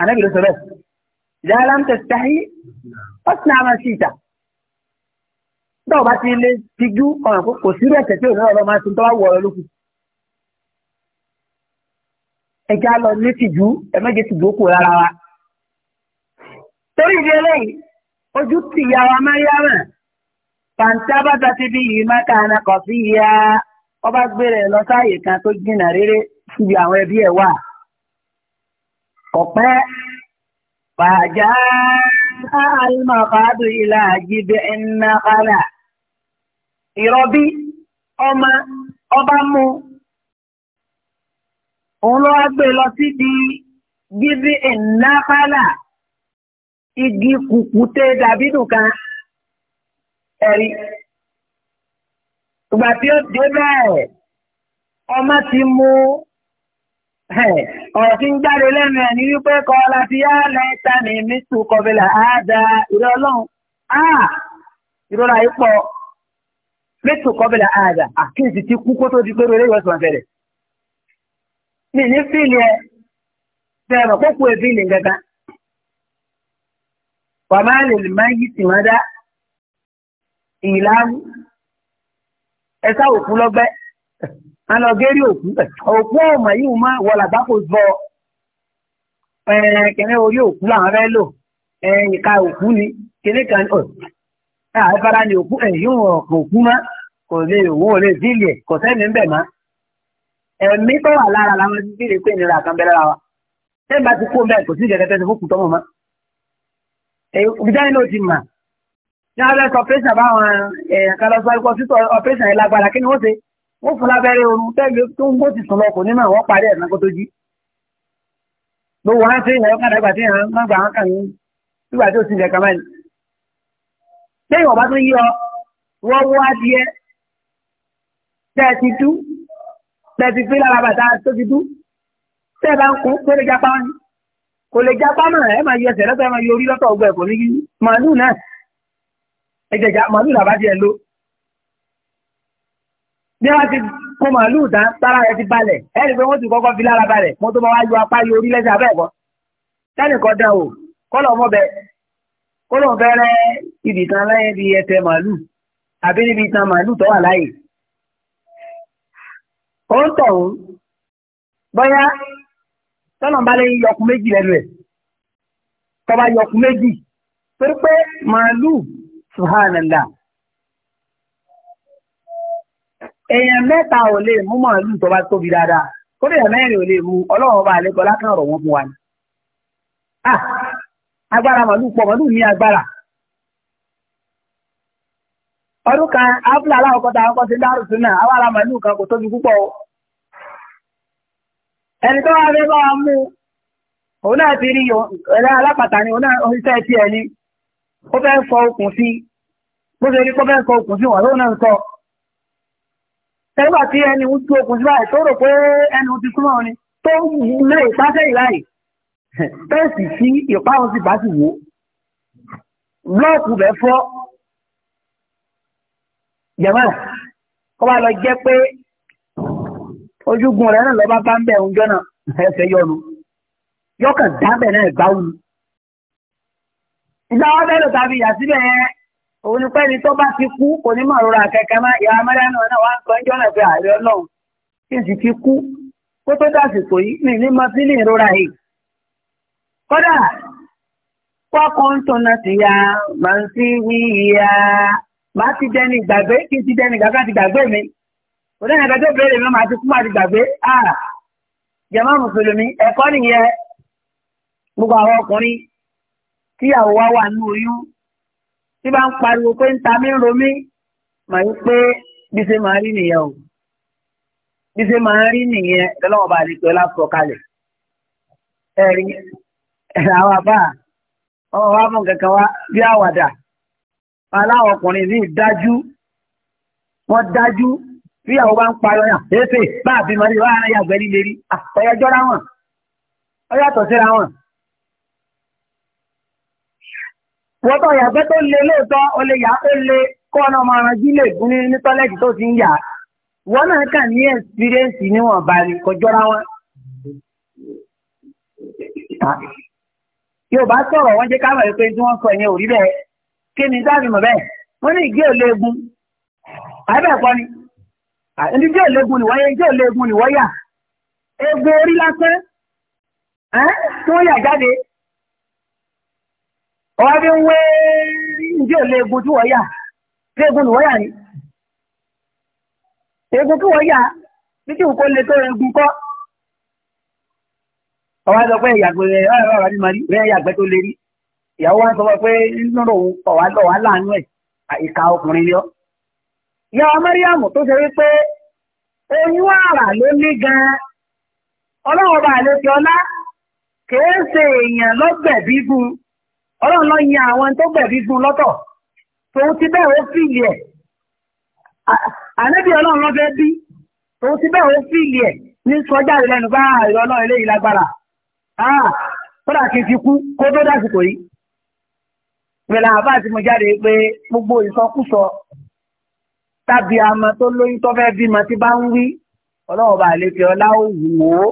ànábì ló sọ bẹ́ẹ̀ ìdá aláǹtẹ̀ sáyé ó sì náà máa ṣì ìta tó o bá ti lé tijú ọ̀nà kò sí ẹsẹ̀ tí ò ní ọlọ́run máa ti tọ́ wọ ọ lókun ẹja lọ ní tìjú ẹ̀mẹ́jẹ tìjú kù rárá wa. tori ìdí eléyìí ojú ti ìyá wa Mariam pàǹtá bá ta ti bí yìí má kàánà ọba gbére lọ sáàyè kan tó rere síbi awon ebi ewa. ila agbe lo di igi kùkùté dàbídù kan ẹ̀rí. Ìgbà tí ó dé bẹ́ẹ̀, ọmọ ti mú ọ̀rọ̀ tí ń jáde lẹ́nu ẹ̀ ní wípé kọ́ láti yá lẹ́ta ní mítù kọfẹ́lá àádá ìrẹ́ ọlọ́run. Ìrora yìí pọ̀ mítù kọfẹ́lá àádá àkíyèsí ti kú kó tó di pé rere ìwọ̀sùn àfẹ́rẹ̀. Mi ní fíìlì ẹ bẹ́ẹ̀ mọ̀ kó kú èbí ìlì gẹ́gẹ́. وما للميت مدى إعلام ẹ̀ka òkú lọ́gbẹ́ alọ́gẹ́rì òkú òkú ọ̀mọ̀ yìí mọ́ wọ̀làbá kò zọ kẹ̀rẹ́ orí òkú làwọn fẹ́ lò ìka òkú ni kéré kan àìfara ni òkú ẹ̀yìn ọ̀kan òkú mọ́ kò lè òun ò lè zílì ẹ̀ kò sẹ́ni ń bẹ̀ mọ́ ẹ̀mí tó wà lára làwọn ti fi lè pè ní ra kan lára wa ṣé ìgbà tí kú bẹ́ẹ̀ kò sí ìjẹ́kẹ́tẹ́ ti fún kù tọ́mọ̀ ìbíjáde náà ti mà ní abẹ́sẹ̀ ọ̀pẹ́sẹ̀ àbáwọn èèyàn kan lọ sọ ikọ̀ títọ̀ ọ̀pẹ́sẹ̀ yẹn lágbára kí ni wọ́n ṣe wọ́n fún lábẹ́rẹ́ oorun tẹ́lẹ̀ tó ń gbó ti sùn lọ kò ní mọ̀ wọ́n parí ẹ̀sán kó tó jí. gbogbo wọn ṣe ìyàwó kàdà gbà tí yàn án gbà wọn kàn yín nígbà tí ó ti lẹ̀ kàmá yìí. lẹ́yìn ọ̀bá tó yí ọ wọ́n wọ́ adìẹ tẹ́ ẹ ti tú tẹ́ ẹ ti fi lára bàtà tó ti tú tẹ́ ẹ bá ń kú tó lè japa wọn kò lè jápá náà ẹ máa yọ ẹsẹ̀ lọ́tọ̀ ẹ máa yọ orí lọ́tọ̀ ọgbà ẹ̀kọ́ níbi màálù náà ẹ̀jẹ̀jà màálù làbá tiẹ̀ ló. bí wọ́n ti kó màálù tán tára rẹ̀ ti balẹ̀ ẹ rí i pé wọ́n ti kọ́kọ́ fi lára balẹ̀ mo tó máa wá yọ apá yọ orí lẹ́sẹ̀ abẹ́ ẹ̀kọ́. sẹ́nì kan dán o kọ́lọ̀ ọmọ bẹ kọ́lọ̀ fẹ́rẹ́ ibì kan lẹ́yìn bí ẹsẹ̀ màálù àbí níbi ìtàn màálù tó wà láàyè. ó ń tọ̀ tọ́nà bá lè yọ ọkùn méjì lẹ́nu ẹ̀ tọ́ba yọ ọkùn méjì torí pé màálù subhanallah èèyàn mẹ́ta ò lè mú màálù tọ́ba tóbi dáadáa kó lè mẹ́rin ò lè mú ọlọ́run ọba àlejò lákàn rọ̀ wọ́n fún wa ni. Ah! agbára màálù pọ̀ màálù ní agbára ọdún kan abúlé aláwọ̀kọ́ta akọ́kọ́ ti dárò sínú àwọn ará màálù kan kò tóbi púpọ̀ o ẹni tó wá fẹ́ bá a, mú òun náà ti rí ẹ̀rẹ́ alápàtà ni òun náà oníṣẹ́ ti ẹ̀ ni ó fẹ́ fọ okùn sí bó ṣe rí kó fẹ́ fọ okùn sí wọn lóun náà ń sọ. nígbà tí ẹni ń tú okùn sí báyìí tó rò pé ẹnu ti kúrò ni tó lé ìpáṣẹ ìláyè tẹ́sì sí ìpáhùn sí báṣì wò blọ́ọ̀kù bẹ́ fọ́ jẹ̀mọ́ kó bá lọ jẹ́ pé ojúgun rẹ̀ náà lọ́ba bá ń bẹ̀ oúnjẹ náà yọnu yọkàn dábẹ̀ náà gbáwù. ìdáwọ́ bẹ́ẹ̀ tàbí ìyà síbẹ̀ yẹn ni pẹ́ni tó bá ti kú kò ní mọ̀ rora kẹ̀kẹ́ ìyá náà náà wá ń kí n sì ti kú kó tó mi ní ìrora yìí. kódà ya màá ń sí wíyà màá ti dẹni ìgbàgbé kí òde nìkan tó béèrè mi máa ti kú máa ti gbàgbé ah jàmá mùsùlùmí ẹ̀kọ́ nìyẹn gbogbo àwọn ọkùnrin tíyàwó wa wà nínú oyún tí bá ń pariwo pé ń ta mí ń ro mí màá yí pé bí ṣe máa rí nìyẹn o bí ṣe máa rí nìyẹn lọ́wọ́ bá àdìpẹ́ lásọ kalẹ̀ ẹ̀rí àwọn àbá ọmọ wa mọ̀ kankan wá bí àwàdà aláwọ̀ ọkùnrin yìí dájú wọ́n dájú bí àwọn bá ń pa ọyàn èéfè bá àbí mọ́rí wá ara yàgbẹ́ líle rí ọyà jọra wọn ọyà tọ̀ síra wọn. wọ́n tọ̀ yàgbẹ́ tó le lóòótọ́ ó lè yà ó le kọ́ ọ̀nà ọmọ ọ̀ràn jí lè gún ní tọ́lẹ́tì tó ti ń yà wọ́n náà kà ní ẹ̀sìpírẹ́ǹsì níwọ̀n bá rí kò jọra wọn. Yorùbá sọ̀rọ̀ wọ́n jẹ́ ká mọ̀ pé tí wọ́n sọ yẹn ò rí bẹ́ẹ̀ kí ni dáàbì mọ̀ bẹ́ẹ̀ wọ́n ní ìgbé òleegun àbẹ̀kọ́ ẹni jẹ́ ìlẹ́gun nìwọ́yẹ jẹ́ ìlẹ́gun nìwọ́yà egbò orí lásán tí wọ́n yà jáde ọwọ́ bí ń wé jẹ́ ìlẹ́gun tí wọ́n yà egun nìwọ́yà ni egun kí wọ́n yà títí òkú lè tó egun kọ́ ọwọ́ sọ pé ìyàgbẹ́ rẹ̀ ọ̀rọ̀ ọ̀rọ̀ ní mari rẹ̀ ìyàgbẹ́ tó lè rí ìyàwó wa sọ pé nínú òun ọ̀wá láàánú ẹ̀ ìka ọkùnrin yọ. ìyá mẹ́ríàmù tó ṣe wípé oyún àrà ló ní ọba àlejò ọlá kìí ṣe èèyàn lọ́gbẹ̀bí bu ọlọ́run lọ yan àwọn tó gbẹ̀bí bu lọ́tọ̀ tòun ti bẹ́ẹ̀ ó fìlì ẹ̀ ànábì ọlọ́run lọ́fẹ́ bí tòun ti bẹ́ẹ̀ ó fìlì ẹ̀ ní lẹ́nu bá àìrọ̀ ah, ọlọ́run eléyìí lágbára ah, kódà kú tàbí àmọ́ tó lóyún tó fẹ́ bímọ tí bá ń wí ọlọ́run bá lè fi ọlá òwú o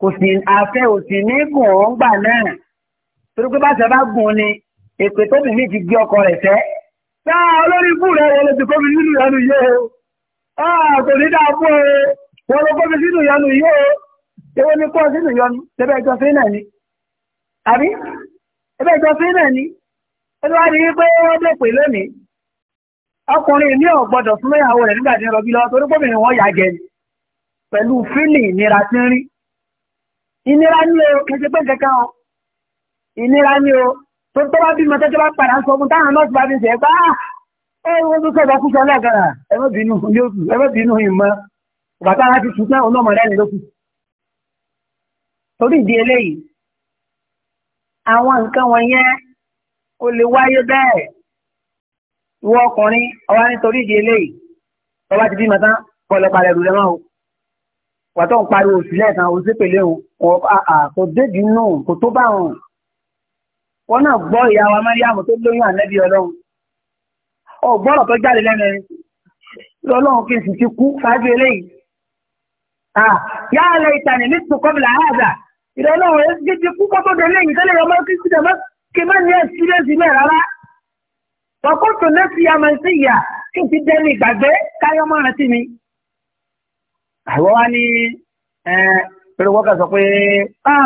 kò sì afẹ́ ò sì ní gùn ó ń gbà náà torí pé báṣẹ bá gùn ni èpè tóbi mi ti gbé ọkọ rẹ̀ fẹ́. ṣá olórí ikú rẹ̀ wọlé ti kóbi nínú ìyanu yìí o kò ní dáa fún o wọ́n ló kóbi sínú ìyanu yìí o èwo ni kó sínú ìyanu ṣẹbẹ́ ẹjọ́ sí náà ni àbí ṣẹbẹ́ ẹjọ́ sí náà ni ó wá ní pé wọ́n dé pè lónìí. ọkùnrin ní ọ̀gbọ́dọ̀ fún ìyàwó rẹ̀ nígbà tí ń rọbí torí gómìnà wọ́n yà jẹ pẹ̀lú fílì ìnira tí ń rí ìnira ní o kẹsẹ pé kẹkẹ ìnira ní o tó tó bá bímọ tẹ́tẹ́ bá padà ń sọ fún táwọn nọ́ọ̀sì bá fi ṣe ẹ wọ́n tó sọ̀rọ̀ torí ìdí eléyìí àwọn nǹkan wọ̀nyẹn lè wáyé bẹ́ẹ̀ ìwọ ọkùnrin ọwọ́ nítorí ìdí eléyìí ọba ti bímọ tán kọlọ parẹ rú lẹ́wọ̀n o wàtọ́ ń pariwo oṣù lẹ́ẹ̀kan oṣù pèlè o kò débi nù kò tó bá wọn. wọn náà gbọ́ ìyá wa Mariam tó lóyún ànábì ọlọ́run ọgbọ́rọ̀ tó jáde lẹ́nu ẹni lọ́lọ́run kí n sì ti kú ṣáájú eléyìí. yáa lẹ ìtàn ìlú tó kọ́ bìlà àádà ìrọ̀lọ́run ẹ̀ ti kú kọ́ tó dé lẹ́yìn tẹ́lẹ̀ ọmọ kí n sì dẹ̀ mọ́ kí n má Fọ̀kúntù náà fi àmà sí ìyà kí n ti jẹ́ mi ìgbàgbé káyọ́ mọ́ rántí mi. Àwọn wa ní pẹ̀lú wọ́kà sọ pé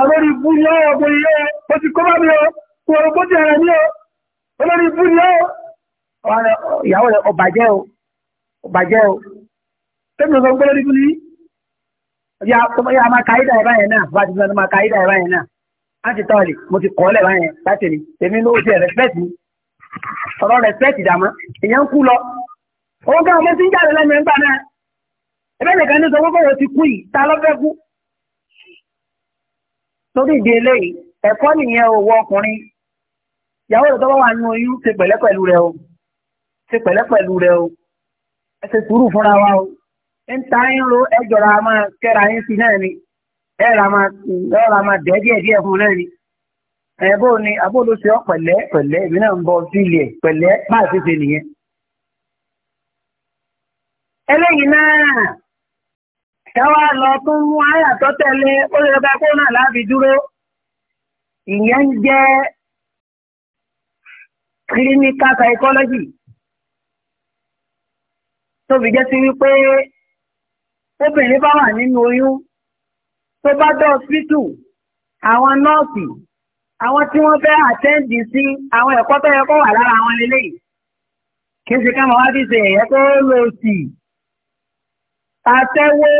olórí ibú ni ó ọgbọ̀ ilé ó ti kọ́ bá mi ó kò rò bó ti rẹ̀ ní ó olórí ibú ni ó ìyàwó rẹ̀ ọ̀bàjẹ́ o ọ̀bàjẹ́ o tẹ́lẹ̀ sọ pé olórí ibú ni ya ya máa ka ìdá ìbáyẹn náà bá ti sọ máa ka ìdá ìbáyẹn náà láti tọ́ọ̀lì mo ti kọ́ ọ́ lẹ̀ báyẹn láti rí tèmi ló jẹ́ respect mi ọ̀rọ̀ respect dàmọ́ èèyàn kú lọ owó kan ọmọ tí ń jáde lẹ́nu ẹgbà náà ẹgbẹ́ nìkan ní sọ pé kòwò ti kú yìí ta ló fẹ́ kú lórí ìdí eléyìí ẹ̀kọ́ nìyẹn ò wọ ọkùnrin ìyàwó rẹ̀ tọ́wọ́ wà nínú oyún ṣe pẹ̀lẹ́ pẹ̀lú rẹ o ṣe pẹ̀lẹ́ pẹ̀lú rẹ o ẹ ṣe sùúrù fúnra wa o ń ta ń ro ẹjọ́ra máa kẹ́ra yín sí náà ni ẹ̀ra máa dẹ́ díẹ̀ díẹ̀ fún náà ni ẹ̀bọ́ ni abóòlù ṣe ọ́ pẹ̀lẹ́ pẹ̀lẹ́ èmi náà ń bọ sílì ẹ̀ pẹ̀lẹ́ máa ti ṣe nìyẹn. eléyìí náà káwá lọ tún mú àyà tó tẹ̀lé ó lè bá kó náà láàbí dúró ìyẹn ń jẹ́ clinical psychology tó fi jẹ́ sí wípé obìnrin bá wà nínú oyún tó bá dọ̀ hospital àwọn nọ́ọ̀sì àwọn tí wọ́n fẹ́ àtẹ́ǹdì sí àwọn ẹ̀kọ́ tó yẹ kó wà lára àwọn eléyìí kí n sì ká mọ̀ wá fi ṣe ẹ̀yẹ tó lò sí àtẹ́wó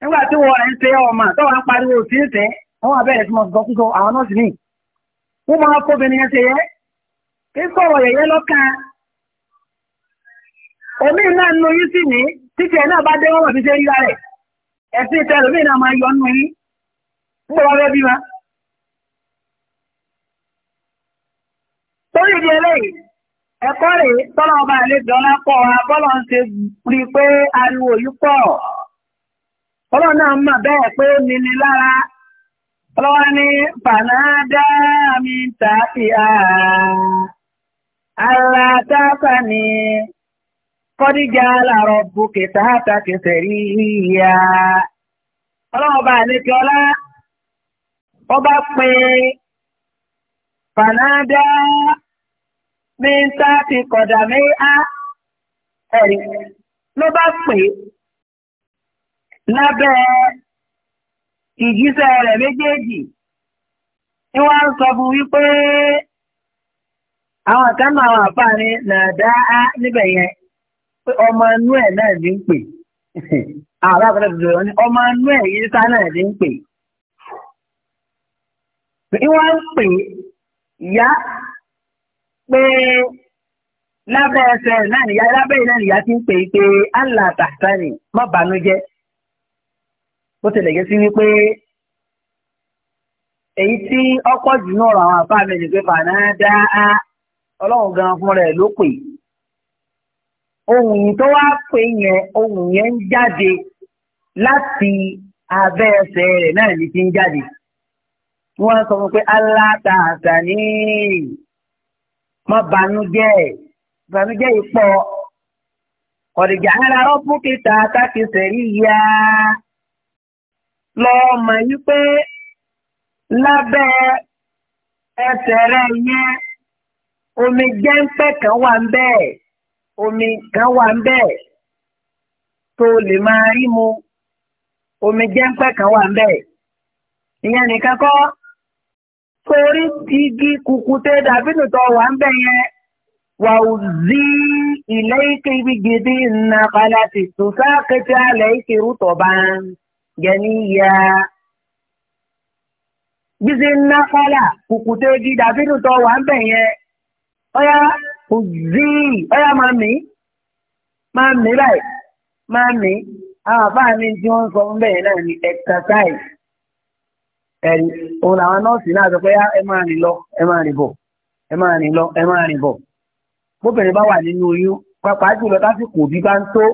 nígbà tí wọ́n rẹ̀ ń ṣe ọmọ tó wà ń pariwo sí ìfẹ́ wọ́n wà bẹ̀rẹ̀ sí mọ̀ sọ kúsọ àwọn nọ́ọ̀sì ní wọ́n máa fóbìnrin yẹn ṣe yẹ kí sọ̀rọ̀ yẹ̀yẹ́ lọ́kàn omi náà nù yín sí ní títí ẹ̀ náà bá dé wọ́n wọ̀ fi ṣe yíra rẹ̀ ẹ̀sìn ìtẹ́lómi náà máa yọ nù yín torí ìdí eléyìí ẹ̀kọ́ rẹ̀ tọ́lọ̀ ọba àlejò ọlá pọ̀ abọ́lọ̀ ń ṣe rí pé ariwo yìí pọ̀ ọlọ́run náà mọ̀ bẹ́ẹ̀ pé ó nini lára ọlọ́wọ́ ní fànádà mi tàbí àlàtàkà ni kọ́díjà làrọ̀ bùkẹ́ tààtà kẹsẹ̀ rí ìyá ọlọ́run ọba àlejò ọlá ọba pé fànádà. mi ń tá fi kọ̀dà mi á ẹ̀rí ló bá pè é lábẹ́ ìjíṣẹ́ rẹ̀ méjèèjì ni wọ́n sọ fún wípé àwọn kan náà wà fáàní ọmọ inú ẹ̀ náà ní ń pè [laughs] àwọn ọmọ inú ẹ̀ yìí sá náà ní ń pè. pé lábẹ́ ẹsẹ̀ náà nìyá lábẹ́ yìí náà nìyá ti ń pè é pé allah tàṣánì má bànújẹ́ bó tilẹ̀ jẹ́ sí wípé èyí tí ọ̀pọ̀ jù náà rọ àwọn àbá mi ní pé fàánà dá a ọlọ́run gan fún rẹ̀ ló pè ohun tó wá pè yẹn ohun yẹn ń jáde láti abẹ́ ẹsẹ̀ rẹ̀ náà ní ti ń jáde wọ́n sọ fún pé allah tàṣánì. ma bànújẹ́ bànújẹ́ yìí pọ̀ ọ̀dìjà ńlá rọ́pù kìtà ya lọ́ọ́ mọ̀ yí pé nye ẹsẹ̀ rẹ̀ yẹn omi kan wà omi kan wà ń tó lè máa rí mu omi kan wà torí igi kùkùté dàbínú tó wà ń bẹ̀ wà ó zí ilé ike ibi gidi nna kálátì tùsá kété alẹ́ ike rútọ̀ bá ń jẹ níyà. Bísí igi dàbínú tó wà ń bẹ̀ yẹn ó zí máa mì máa ẹ̀rí òun làwọn nọ́ọ̀sì náà sọ pé ẹ máa rìn lọ ẹ máa rìn bọ̀ ẹ máa rìn lọ ẹ máa rìn bọ̀ bóbìnrin bá wà nínú oyún jùlọ bá ń tó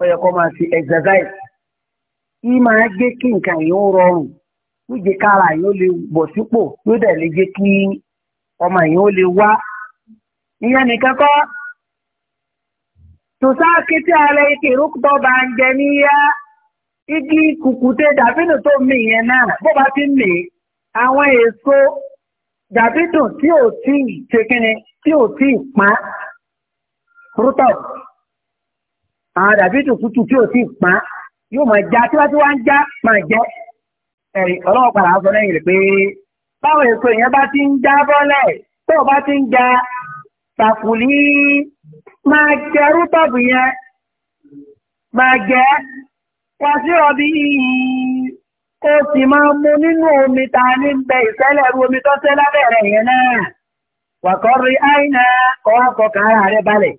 ó yẹ kó máa exercise máa kí nǹkan yìí ó rọrùn kára yìí ó lè bọ̀ sípò yóò dẹ̀ lè kí ọmọ yìí ó lè wá nìkan kọ́ kété igi kùkùté dàbínù tó mì yẹn náà bó bá ti mì àwọn èso dàbídùn tí ò tí ì ṣe kíni tí ò tí ì pán rútọ̀ àwọn dàbídùn tútù tí ò tí ì pán yóò máa já tí wọ́n ti wá ń já máa jẹ́ ẹ̀rí ọlọ́wọ́ padà sọ lẹ́yìn rẹ̀ pé báwọn èso yẹn bá ti ń já bọ́lẹ̀ tó o bá ti ń ja tàkùlí máa jẹ rútọ̀bù yẹn máa jẹ́ wàṣírọ̀ bí kó sì máa mú nínú omi ta ní bẹ ìṣẹ́lẹ̀ ru omi tó ṣẹ́ lábẹ́rẹ̀ yẹn náà wàkọ́rí àìnà kọ́ọ̀kọ́ kàárà rẹ̀ balẹ̀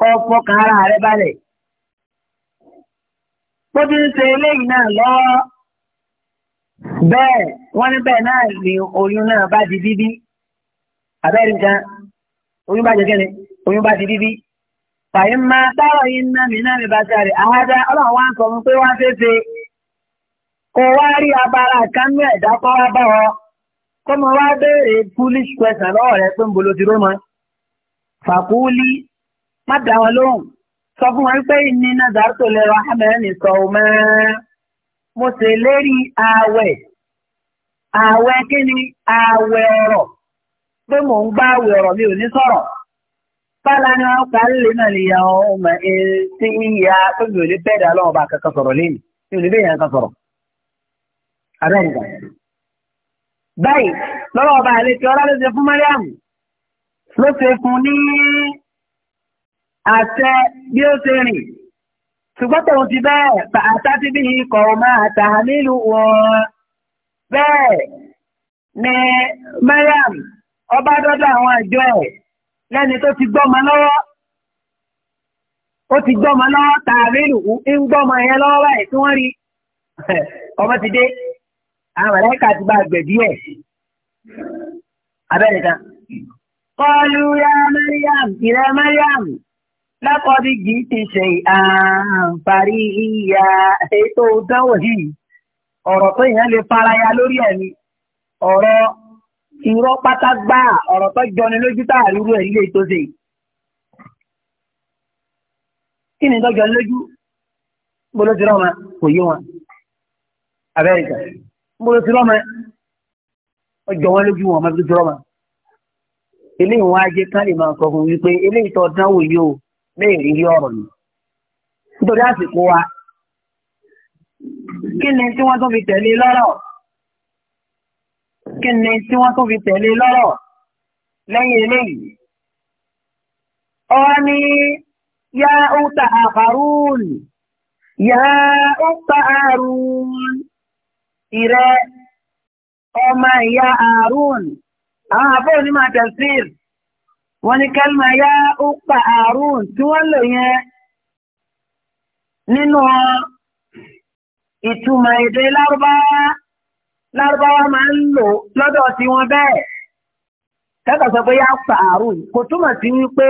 kọ́ọ̀kọ́ kàárà rẹ̀ balẹ̀ bó ti ń ṣe eléyìí náà lọ bẹ́ẹ̀ wọ́n ní bẹ́ẹ̀ náà ni oyún náà bá di bíbí abẹ́rẹ́ oyún bá jẹ́ kẹ́ni oyún bá di bíbí. fàyín máa táwọn yìí ń ná mi náà mi bá sáré àhájá ọlọ́run wá sọ fún pé wá wá rí abala kánú ẹ̀dá bá ọ kó mo wá béèrè foolish question lọ́wọ́ rẹ pé ń bolo ti fàkúlí má wọn lóhùn sọ fún wọn pé ní amẹ́rin sọ mo sì lérí ààwẹ̀ ààwẹ̀ kí ni ààwẹ̀ ọ̀rọ̀ pé mò ń gbá Bala ni wọ́n ká lè náà lè yan ọmọ tí ya tó mi ò lè bẹ́ẹ̀ dà lọ́wọ́ bá kankan sọ̀rọ̀ lẹ́nu mi ò lè bẹ́ẹ̀ yàn kan sọ̀rọ̀. Abẹ́rẹ́gbà. Báyìí lọ́wọ́ ọba àlejò ọlá ló ṣe fún Mariam ló ṣe fún ní àṣẹ bí ó ṣe rìn. Ṣùgbọ́n tòun ti bẹ́ẹ̀ àṣà ti bí ikọ̀ máa tà nílùú wọn. Bẹ́ẹ̀ ni Mariam ọba dọ́dọ̀ àwọn àjọ ẹ̀ lẹ́ni tó ti gbọ́mọ lọ́wọ́ ó ti gbọ́mọ lọ́wọ́ tààrí lùkú ń gbọ́mọ yẹn lọ́wọ́ báyìí tí wọ́n rí [laughs] ọmọ ti dé àwọn màláíkà ti bá gbẹ̀ díẹ̀ abẹ́rẹ́ kan. kọlu ya mariam ìrẹ mariam lákọ̀ọ́bí jì í ti ṣe àǹfààrí ìyá ètò ìdánwò yìí ọ̀rọ̀ tó yẹn lè faraya lórí ẹ̀mí ọ̀rọ̀ irọ́ pátá gbá ọ̀rọ̀ tó jọni lójú tá àrírú ẹ̀ nílé tó ṣe. kí ni tó jọni lójú gbọ́dọ̀ ti rọ́ọ̀mà kò yé wọn abẹ́rẹ́kà gbọ́dọ̀ ti rọ́ọ̀mà ó jọ wọn lójú wọn mọ́tò ti rọ́ọ̀mà. eléyìí wọn á jẹ ká lè máa sọ fún mi pé eléyìí tó dánwò yìí o bẹ́ẹ̀ rí rí ọ̀rọ̀ ni. nítorí àsìkò wa kí ni tí wọ́n tún fi tẹ̀lé lọ́rọ̀ kí ni tí wọ́n tó fi tẹ̀lé lọ́rọ̀ lẹ́yìn eléyìí. ọ ní yá ọ̀tà àfàrún yá ọ̀tà àrùn ìrẹ́ ọmọ ìyá àrùn àwọn àbọ̀ onímọ̀ tẹ̀síìr wọ́n ní kẹ́lìmọ̀ yá ọ̀tà àrùn tí wọ́n lò yẹn nínú ìtumọ̀ èdè lárúbáwá lárúbáwá máa ń lò lọ́dọ̀ tí wọ́n bẹ́ẹ̀ kẹ́kọ̀ọ́ sọ pé yá pààrùn kò túmọ̀ sí wípé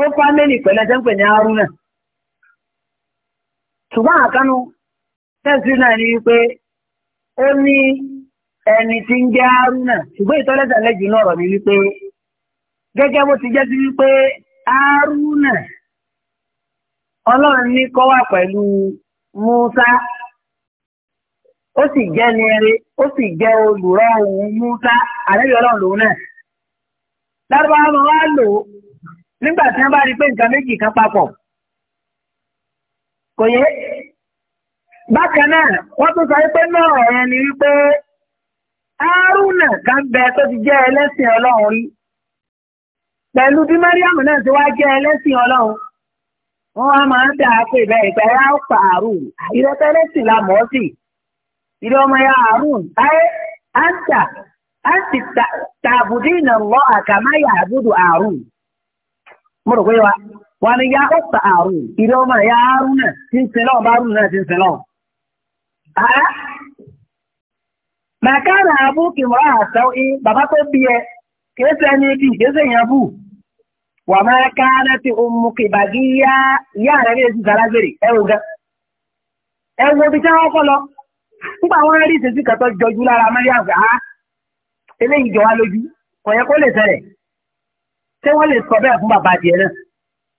ó fámẹ́lì pẹ̀lú ẹjẹ́ ń pè ní arú náà ṣùgbọ́n àkánú tẹ̀sí náà ni wípé ó ní ẹni tí ń jẹ́ arú náà ṣùgbọ́n ìtọ́lẹ́sẹ̀ lẹ́jù náà rọ̀ ní wípé gẹ́gẹ́ bó ti jẹ́ sí wípé arú náà ọlọ́run ní kọ́ pẹ̀lú Musa. ó sì jẹ́ ní eré ó sì jẹ́ olùrọ̀ òun Musa àrẹ́bí ọlọ́run lòun náà. lárúbáwá máa wá lò ó nígbà tí wọ́n bá rí pé nǹkan méjì kan papọ̀ kò yé wọ́n tún sọ wípé náà yẹn ni wípé Haruna kan bẹ tó ti jẹ́ ẹlẹ́sìn ọlọ́run rí pẹ̀lú bí Mariam náà ti wá jẹ́ ẹlẹ́sìn ọlọ́run wọ́n wá máa ń dà á pé bẹ́ẹ̀ ìgbà yà la ìdí ọma ya àrùn táyé áńtà áńtì tààbùdí nà lọ àkàmá yà àbúdù àrùn. mo ya ọsa ta àrùn ọma ya àrùn na ti ń sin na bá àrùn náà ti ń sin náà. màkàrà àbúkì mọ́ra àtàwọn bàbá tó bí ẹ kìí nígbà wọn rí ìṣesí kan tó jọjú lára Mariam fẹ́ ha ah, eléyìí jọ wá lójú kò yẹ kó lè ṣẹlẹ̀ ṣé wọ́n lè sọ bẹ́ẹ̀ fún bàbá tiẹ̀ náà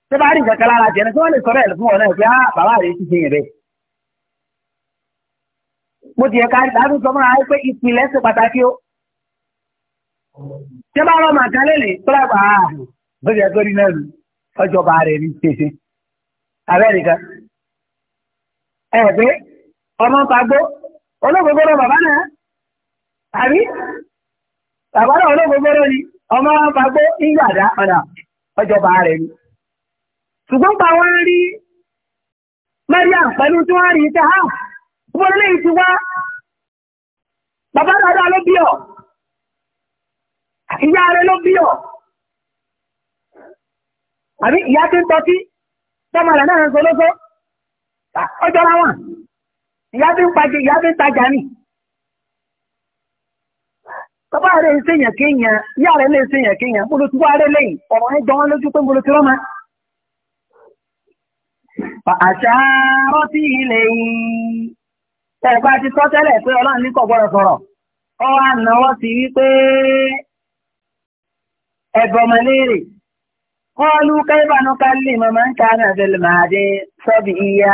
ṣé bá rí nǹkan kan lára tiẹ̀ náà ṣé wọ́n lè sọ bẹ́ẹ̀ fún wọn náà pé ah bàbá rẹ̀ ti ṣe yẹn bẹ́ẹ̀. mo ti yẹ ká láti sọ fúnra pé ìpìlẹ̀ ṣe pàtàkì o ṣé bá rọ màkà lélẹ̀ tọ́lá gbà á ah, bẹ́ẹ̀ yẹ sórí náà ọjọ́ bá rẹ̀ ní ṣèṣe abẹ́rẹ́ kan ẹ̀ pé ọmọ ń fagbó olóògbógbóró bàbá náà àrí bàbá náà olóògbógbóró ni ọmọ fagbó ìgbàdá ọ̀nà ọjọba rẹ̀ ni ṣùgbọ́n pa wọ́n rí Mariam pẹ̀lú tí wọ́n rí tẹ́ ha ah, gbogbo lẹ́yìn ti wá bàbá dáadáa ló bí ọ ìyá rẹ̀ ló bí ọ àbí ìyá tó ń tọ́tí tọ́mọ rẹ̀ náà ń solóso ọjọ́ ra wọn ìyá fi ń pàjẹ́ ìyá fi ń tajà ní tọ́bá rẹ̀ ń sèyàn kéèyàn yá rẹ̀ lè sèyàn kéèyàn mo ló ti wá rẹ̀ lẹ́yìn ọ̀rọ̀ ẹ̀ jọwọ́n lójú pé mo ló ti rọ́mà àṣà rọ́tí ilẹ̀ yìí tẹ̀gbá ti sọ tẹ́lẹ̀ pé ọlọ́run ní kọ̀gbọ́rọ̀ sọ̀rọ̀ ọ wá náwó sí wípé ẹ̀bọ̀mọ̀lérè kọ́ọ̀lù kẹ́bànú kálí màmá ń ka náà fẹ́lẹ̀ máa sọ́bì ìyá